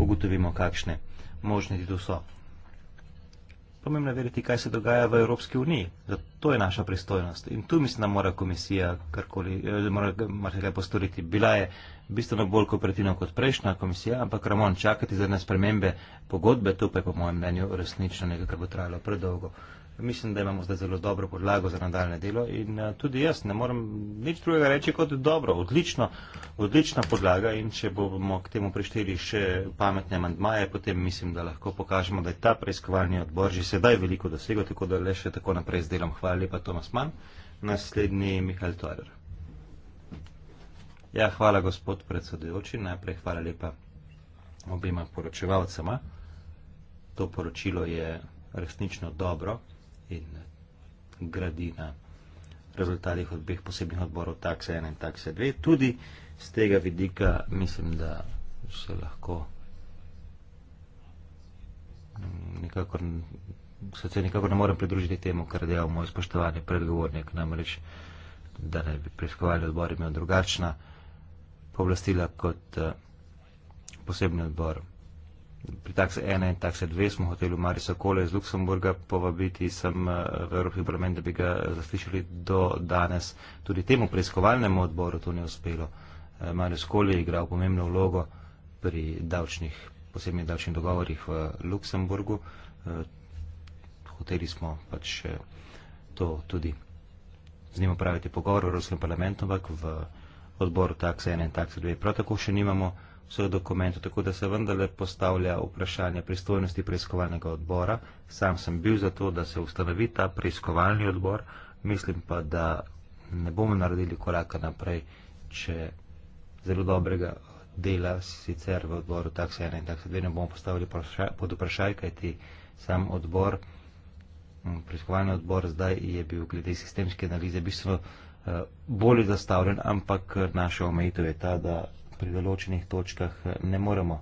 ugotovimo, kakšne možnosti tu so. Pomembno je verjeti, kaj se dogaja v Evropski uniji. To je naša pristojnost. In tu mislim, da mora komisija karkoli, eh, mora marsikaj postoriti. Bila je bistveno bolj kooperativna kot prejšnja komisija, ampak Ramon, čakati za nas premembe pogodbe, to pa je po mojem mnenju resnično nekaj, kar bo trajalo predolgo. Mislim, da imamo zdaj zelo dobro podlago za nadaljne delo in eh, tudi jaz ne morem nič drugega reči kot dobro, odlično, odlična podlaga in če bomo k temu prišteli še pametne mandmaje, potem mislim, da lahko pokažemo, da je ta preiskovalni odbor že sedaj veliko dosego, tako da le še tako naprej z delom. Hvala lepa, Tomas Mann. Naslednji je Mihajl Torer. Ja, hvala gospod predsedujoči. Najprej hvala lepa obima poročevalcema. To poročilo je resnično dobro in gradi na rezultatih od dveh posebnih odborov, takse 1 in takse 2. Tudi z tega vidika mislim, da se lahko nekakor, se se nekako ne morem pridružiti temu, kar dejal moj spoštovani predgovornik, namreč, da ne bi preiskovali odbor imel drugačna pooblastila kot eh, posebni odbor pri taksi 1 in taksi 2 smo hoteli Marisa Kole iz Luksemburga povabiti sem eh, v Evropski parlament, da bi ga eh, zaslišali do danes. Tudi temu preiskovalnemu odboru to ni uspelo. Eh, Marijo Skoli je igral pomembno vlogo pri davčnih, posebnih davčnih dogovorih v Luksemburgu. Hoteli smo pač to tudi z njim upraviti pogovor v Evropskem parlamentu, ampak v odboru taksi 1 in taksi 2 prav tako še nimamo vseh dokumentov, tako da se vendarle postavlja vprašanje pristojnosti preiskovalnega odbora. Sam sem bil za to, da se ustanovi ta preiskovalni odbor, mislim pa, da ne bomo naredili koraka naprej, če zelo dobrega dela sicer v odboru taksa 1 in taksa 2 ne bomo postavili pod vprašaj, kajti sam odbor, preiskovalni odbor zdaj je bil glede sistemske analize bistveno eh, bolje zastavljen, ampak eh, naša omejitev je ta, da pri določenih točkah ne moremo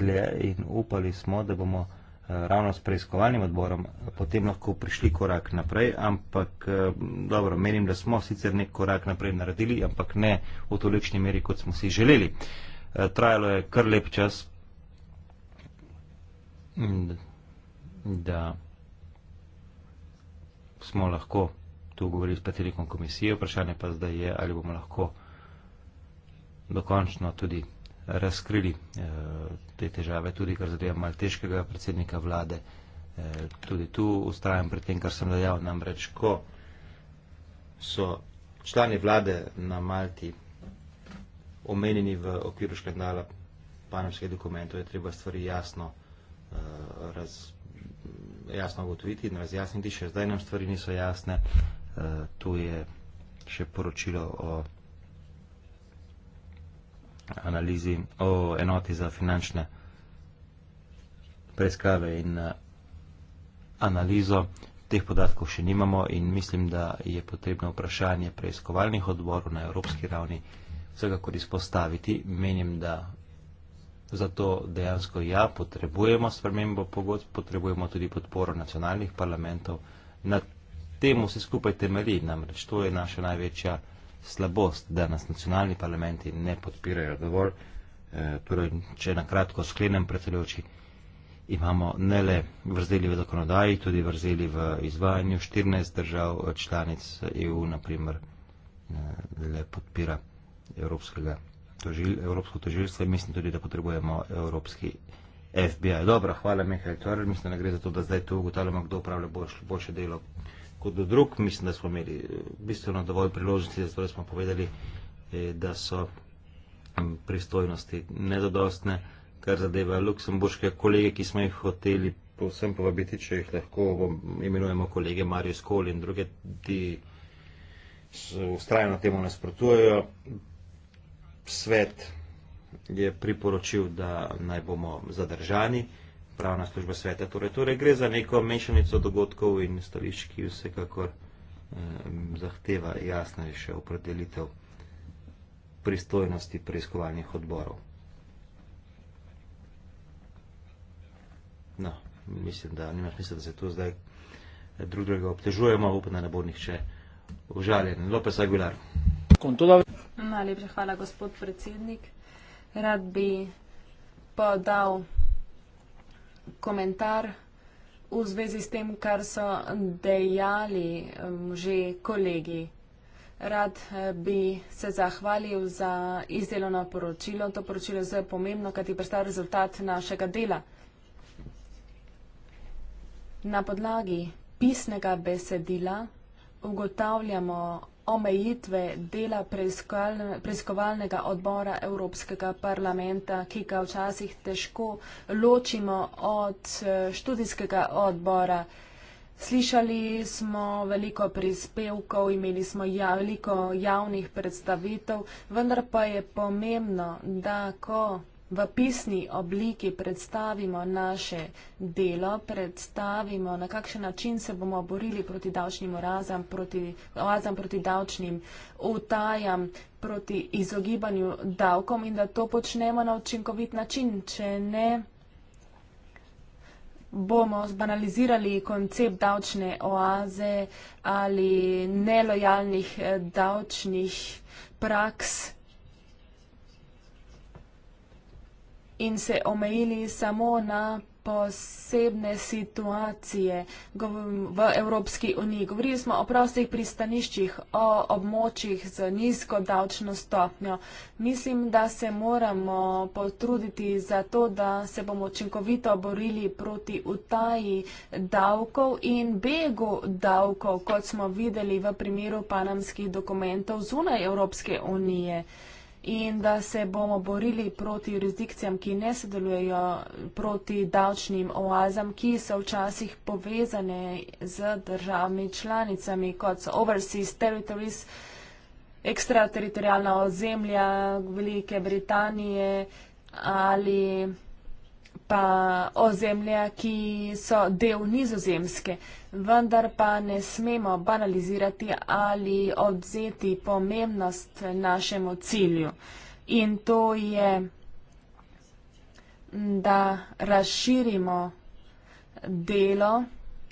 dlje in upali smo, da bomo eh, ravno s preiskovalnim odborom potem lahko prišli korak naprej, ampak eh, dobro, menim, da smo sicer nek korak naprej naredili, ampak ne v tolikšni meri, kot smo si želeli. Eh, trajalo je kar lep čas, da smo lahko tu govorili s predsednikom komisije, vprašanje pa zdaj je, ali bomo lahko dokončno tudi razkrili eh, te težave, tudi kar zadeva malteškega predsednika vlade. Eh, tudi tu ustrajam pri tem, kar sem dejal, namreč, ko so člani vlade na Malti omenjeni v okviru škandala panamskih dokumentov, je treba stvari jasno, eh, raz, jasno ugotoviti in razjasniti. Še zdaj nam stvari niso jasne. Tu je še poročilo o analizi o enoti za finančne preiskave in eh, analizo. Teh podatkov še nimamo in mislim, da je potrebno vprašanje preiskovalnih odborov na evropski ravni vsekakor izpostaviti. Menim, da zato dejansko ja, potrebujemo spremembo pogodb, potrebujemo tudi podporo nacionalnih parlamentov. Na temu se skupaj temelji, namreč to je naša največja slabost, da nas nacionalni parlamenti ne podpirajo dovolj. E, torej, če na kratko sklenem predsedujoči, imamo ne le vrzeli v zakonodaji, tudi vrzeli v izvajanju 14 držav e, članic EU, naprimer, e, le podpira evropskega. Tožil, evropsko tožilstvo in mislim tudi, da potrebujemo evropski FBI. Dobro, hvala, Mihajl Torr. Mislim, da gre za to, da zdaj tu ugotavljamo, kdo upravlja boljše delo kot drug. Mislim, da smo imeli eh, bistveno dovolj priložnosti, zato torej smo povedali, eh, da so mm, pristojnosti nedodostne, kar zadeva luksemburške kolege, ki smo jih hoteli povsem povabiti, če jih lahko imenujemo kolege Marijo Skoli in druge, ti ustrajno temu nasprotujejo. Svet je priporočil, da naj bomo zadržani pravna služba sveta. Torej, torej gre za neko mešanico dogodkov in stališč, ki vsekakor eh, zahteva jasnejše opredelitev pristojnosti preiskovalnih odborov. No, mislim, da nima smisla, da se tu zdaj drugega obtežujemo, upam, da ne bo nihče užaljen. Lopes Aguilar. Najlepša hvala, gospod predsednik. Rad bi podal komentar v zvezi s tem, kar so dejali že kolegi. Rad eh, bi se zahvalil za izdelano poročilo. To poročilo je zelo pomembno, kaj ti predstavlja rezultat našega dela. Na podlagi pisnega besedila ugotavljamo omejitve dela preiskovalnega odbora Evropskega parlamenta, ki ga včasih težko ločimo od eh, študijskega odbora. Slišali smo veliko prispevkov, imeli smo ja, veliko javnih predstavitev, vendar pa je pomembno, da ko v pisni obliki predstavimo naše delo, predstavimo, na kakšen način se bomo borili proti davčnim oazam, proti, oazam, proti davčnim utajam, proti izogibanju davkom in da to počnemo na učinkovit način. Če ne, bomo zbanalizirali koncept davčne oaze ali nelojalnih eh, davčnih praks. in se omejili samo na posebne situacije v Evropski uniji. Govorili smo o prostih pristaniščih, o območjih z nizko davčno stopnjo. Mislim, da se moramo potruditi za to, da se bomo učinkovito borili proti utaji davkov in begu davkov, kot smo videli v primeru panamskih dokumentov zunaj Evropske unije in da se bomo borili proti jurisdikcijam, ki ne sodelujejo, proti davčnim oazam, ki so včasih povezane z državami članicami, kot so overseas territories, ekstrateritorijalna ozemlja Velike Britanije ali pa ozemlja, ki so del nizozemske. Vendar pa ne smemo banalizirati ali odzeti pomembnost našemu cilju. In to je, da razširimo delo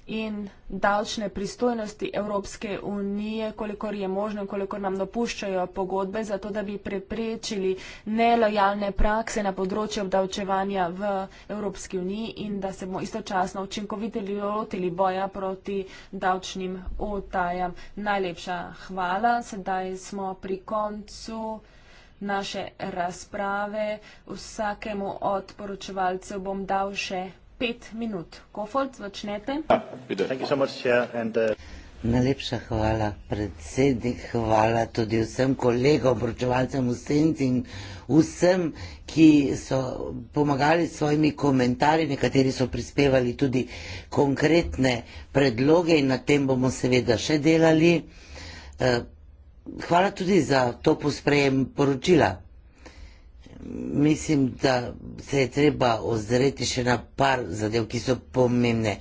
in davčne pristojnosti Evropske unije, kolikor je možno, kolikor nam dopuščajo pogodbe, zato da bi preprečili nelojalne prakse na področju obdavčevanja v Evropski uniji in da se bomo istočasno učinkoviteli lotili boja proti davčnim otajam. Najlepša hvala. Sedaj smo pri koncu naše razprave. Vsakemu od poročevalcev bom dal še pet minut. Kofold, začnete. Uh, Najlepša hvala, predsednik, hvala tudi vsem kolegom, vročevalcem v senci in vsem, ki so pomagali s svojimi komentarji, nekateri so prispevali tudi konkretne predloge in na tem bomo seveda še delali. Eh, hvala tudi za to posprejem poročila mislim, da se je treba ozreti še na par zadev, ki so pomembne.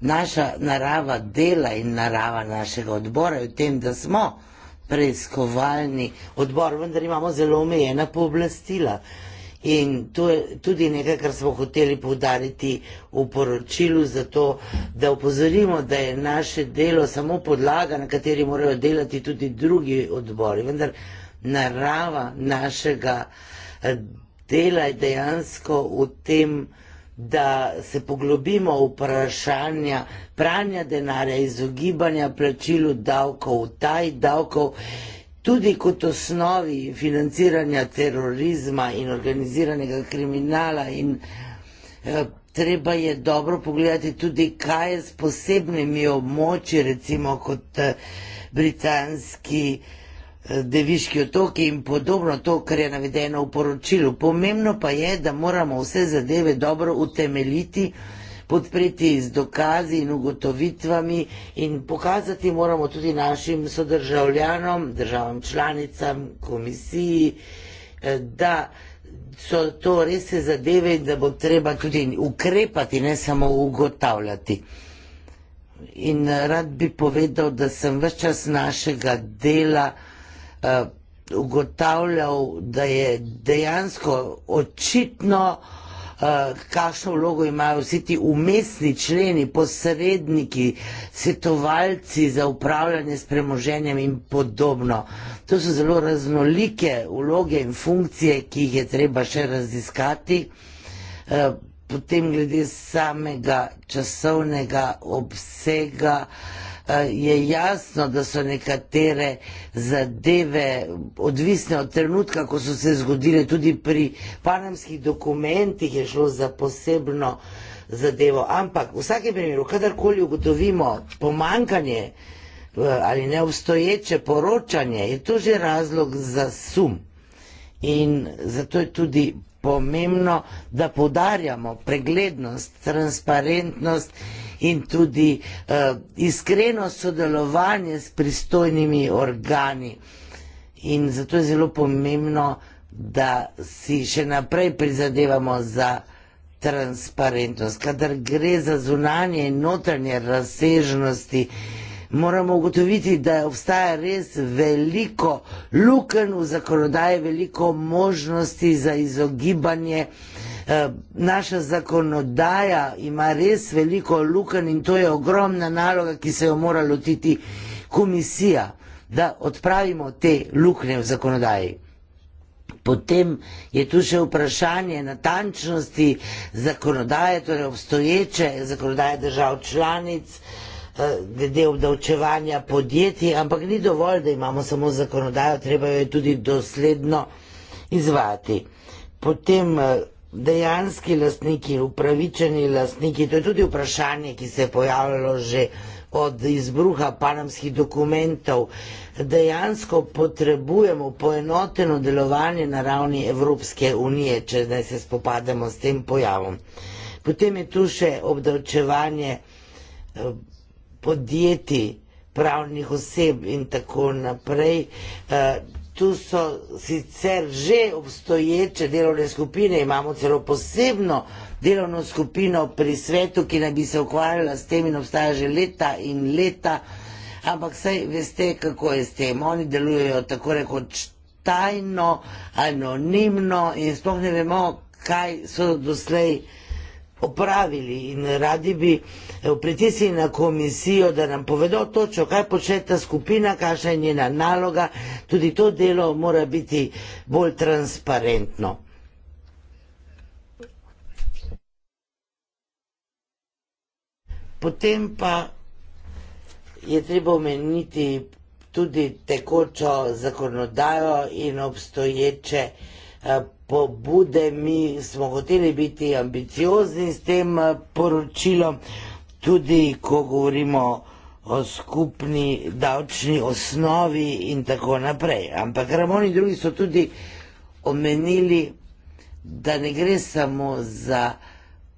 Naša narava dela in narava našega odbora je v tem, da smo preiskovalni odbor, vendar imamo zelo omejena pooblastila. In to je tudi nekaj, kar smo hoteli povdariti v poročilu, zato da upozorimo, da je naše delo samo podlaga, na kateri morajo delati tudi drugi odbori. Vendar narava našega eh, dela je dejansko v tem, da se poglobimo v vprašanja pranja denarja, izogibanja plačilu davkov, taj davkov, tudi kot osnovi financiranja terorizma in organiziranega kriminala in eh, treba je dobro pogledati tudi, kaj je s posebnimi območji, recimo kot eh, britanski eh, deviški otoki in podobno to, kar je navedeno v poročilu. Pomembno pa je, da moramo vse zadeve dobro utemeljiti, podpreti z dokazi in ugotovitvami in pokazati moramo tudi našim sodržavljanom, državam članicam, komisiji, eh, da so to res zadeve in da bo treba tudi ukrepati, ne samo ugotavljati. In eh, rad bi povedal, da sem v čas našega dela uh, ugotavljal, da je dejansko očitno, uh, kakšno vlogo imajo vsi ti umestni členi, posredniki, svetovalci za upravljanje s premoženjem in podobno. To so zelo raznolike vloge in funkcije, ki jih je treba še raziskati. Eh, potem glede samega časovnega obsega. Eh, je jasno, da so nekatere zadeve odvisne od trenutka, ko so se zgodile. Tudi pri panamskih dokumentih je šlo za posebno zadevo. Ampak v vsakem primeru, kadarkoli ugotovimo pomankanje eh, ali neobstoječe poročanje, je to že razlog za sum. In zato je tudi pomembno, da podarjamo preglednost, transparentnost in tudi uh, iskreno sodelovanje s pristojnimi organi. In zato je zelo pomembno, da si še naprej prizadevamo za transparentnost. Kadar gre za zunanje in notranje razsežnosti, moramo ugotoviti, da obstaja res veliko luken v zakonodaji, veliko možnosti za izogibanje uh, Eh, naša zakonodaja ima res veliko lukenj in to je ogromna naloga, ki se jo mora lotiti komisija, da odpravimo te luknje v zakonodaji. Potem je tu še vprašanje natančnosti zakonodaje, torej obstoječe zakonodaje držav članic, eh, glede obdavčevanja podjetij, ampak ni dovolj, da imamo samo zakonodajo, treba jo je tudi dosledno izvajati. Potem eh, dejanski lastniki, upravičeni lastniki, to je tudi vprašanje, ki se je pojavljalo že od izbruha panamskih dokumentov, dejansko potrebujemo poenoteno delovanje na ravni Evropske unije, če zdaj se spopademo s tem pojavom. Potem je tu še obdavčevanje eh, podjetij, pravnih oseb in tako naprej. Eh, tu so sicer že obstoječe delovne skupine, imamo celo posebno delovno skupino pri svetu, ki naj bi se ukvarjala s tem in obstaja že leta in leta, ampak saj veste, kako je s tem. Oni delujejo tako rekoč tajno, anonimno in sploh ne vemo, kaj so doslej opravili in radi bi eh, pritisnili na komisijo, da nam povedo točno, kaj počne ta skupina, kakšna je njena naloga. Tudi to delo mora biti bolj transparentno. Potem pa je treba omeniti tudi tekočo zakonodajo in obstoječe eh, pobude, mi smo hoteli biti ambiciozni s tem eh, poročilom, tudi ko govorimo o skupni davčni osnovi in tako naprej. Ampak Ramoni drugi so tudi omenili, da ne gre samo za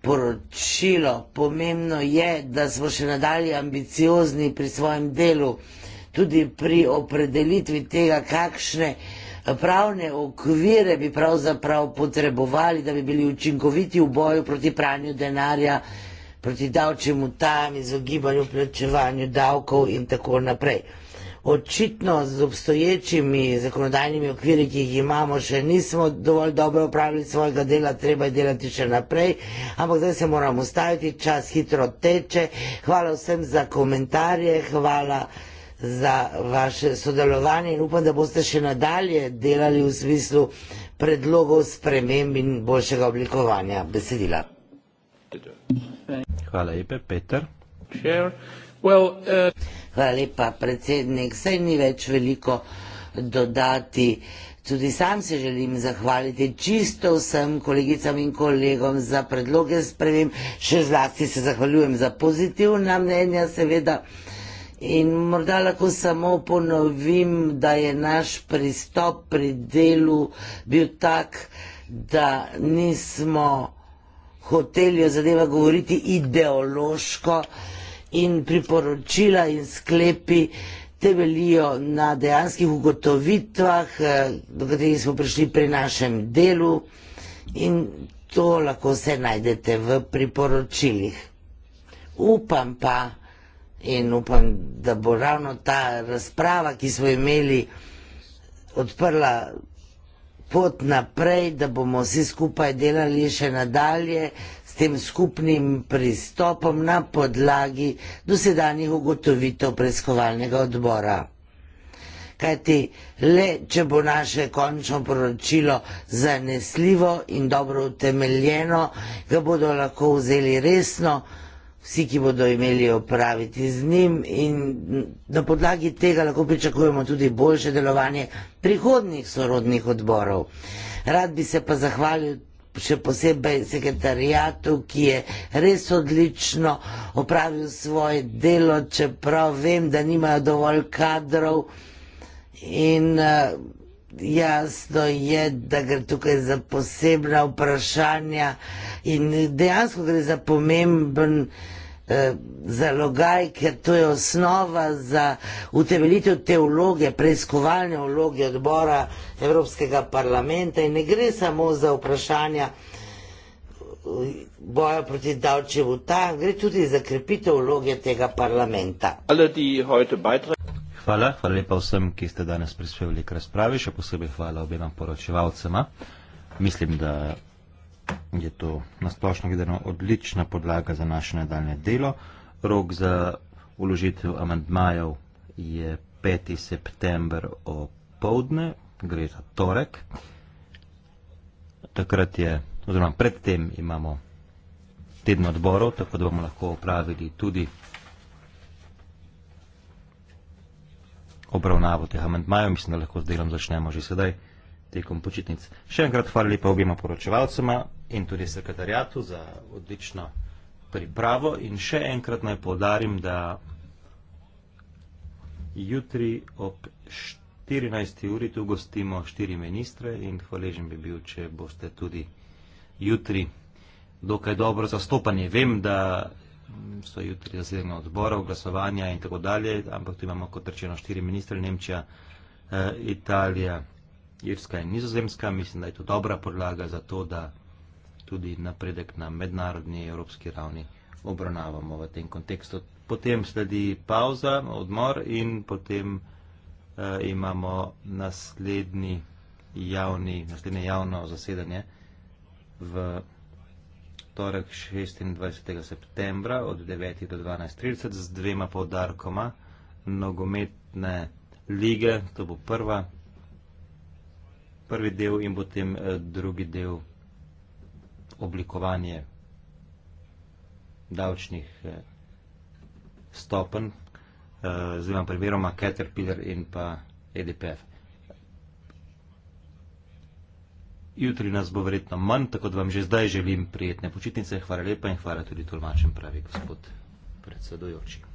poročilo, pomembno je, da smo še nadalje ambiciozni pri svojem delu, tudi pri opredelitvi tega, kakšne pravne okvire bi pravzaprav potrebovali, da bi bili učinkoviti v boju proti pranju denarja, proti davčnemu tam, izogibanju plačevanju davkov in tako naprej. Očitno z obstoječimi zakonodajnimi okviri, ki jih imamo, še nismo dovolj dobro upravili svojega dela, treba je delati še naprej, ampak zdaj se moramo staviti, čas hitro teče. Hvala vsem za komentarje, hvala za vaše sodelovanje in upam, da boste še nadalje delali v smislu predlogov sprememb in boljšega oblikovanja besedila. Hvala lepa, Peter. Well, uh... Hvala lepa, predsednik. Saj ni več veliko dodati. Tudi sam se želim zahvaliti čisto vsem kolegicam in kolegom za predloge sprememb. Še zlasti se zahvaljujem za pozitivna mnenja, seveda. In morda lahko samo ponovim, da je naš pristop pri delu bil tak, da nismo hoteli o zadeva govoriti ideološko in priporočila in sklepi temeljijo na dejanskih ugotovitvah, eh, do katerih smo prišli pri našem delu in to lahko se najdete v priporočilih. Upam pa, In upam, da bo ravno ta razprava, ki smo imeli, odprla pot naprej, da bomo vsi skupaj delali še nadalje s tem skupnim pristopom na podlagi dosedanjih ugotovitev preiskovalnega odbora. Kajti le, če bo naše končno poročilo zanesljivo in dobro utemeljeno, ga bodo lahko vzeli resno vsi, ki bodo imeli opraviti z njim in na podlagi tega lahko pričakujemo tudi boljše delovanje prihodnih sorodnih odborov. Rad bi se pa zahvalil še posebej sekretarijatu, ki je res odlično opravil svoje delo, čeprav vem, da nimajo dovolj kadrov in uh, Jasno je, da gre tukaj za posebna vprašanja in dejansko gre za pomemben eh, zalogaj, ker to je osnova za utemeljitev teologije, preiskovalne vloge odbora Evropskega parlamenta in ne gre samo za vprašanja eh, boja proti davčevu ta, gre tudi za krepitev vloge tega parlamenta hvala. Hvala lepa vsem, ki ste danes prispevali k razpravi, še posebej hvala obema poročevalcema. Mislim, da je to nasplošno gledano odlična podlaga za naše nadaljne delo. Rok za uložitev amandmajev je 5. september o povdne, gre za torek. Takrat je, oziroma predtem imamo teden odborov, tako da bomo lahko opravili tudi obravnavo teh amantmajev, mislim, da lahko z delom začnemo že sedaj, tekom počitnic. Še enkrat hvala lepa objema poročevalcema in tudi sekretarjatu za odlično pripravo in še enkrat naj povdarim, da jutri ob 14. uri tu gostimo štiri ministre in hvaležen bi bil, če boste tudi jutri dokaj dobro zastopani. Vem, da so jutri zasedanje odborov, glasovanja in tako dalje, ampak tu imamo kot rečeno štiri ministre, Nemčija, eh, Italija, Irska in Nizozemska. Mislim, da je to dobra podlaga za to, da tudi napredek na mednarodni evropski ravni obravnavamo v tem kontekstu. Potem sledi pauza, odmor in potem uh, imamo naslednji javni, naslednje javno zasedanje v torek 26. septembra od 9. do 12.30 z dvema povdarkoma nogometne lige. To bo prva, prvi del in potem eh, drugi del oblikovanje davčnih eh, stopenj, eh, z dvema primeroma Caterpillar in pa EDPF. jutri nas bo verjetno manj, tako da vam že zdaj želim prijetne počitnice. Hvala lepa in hvala tudi tolmačem pravi gospod predsedujoči.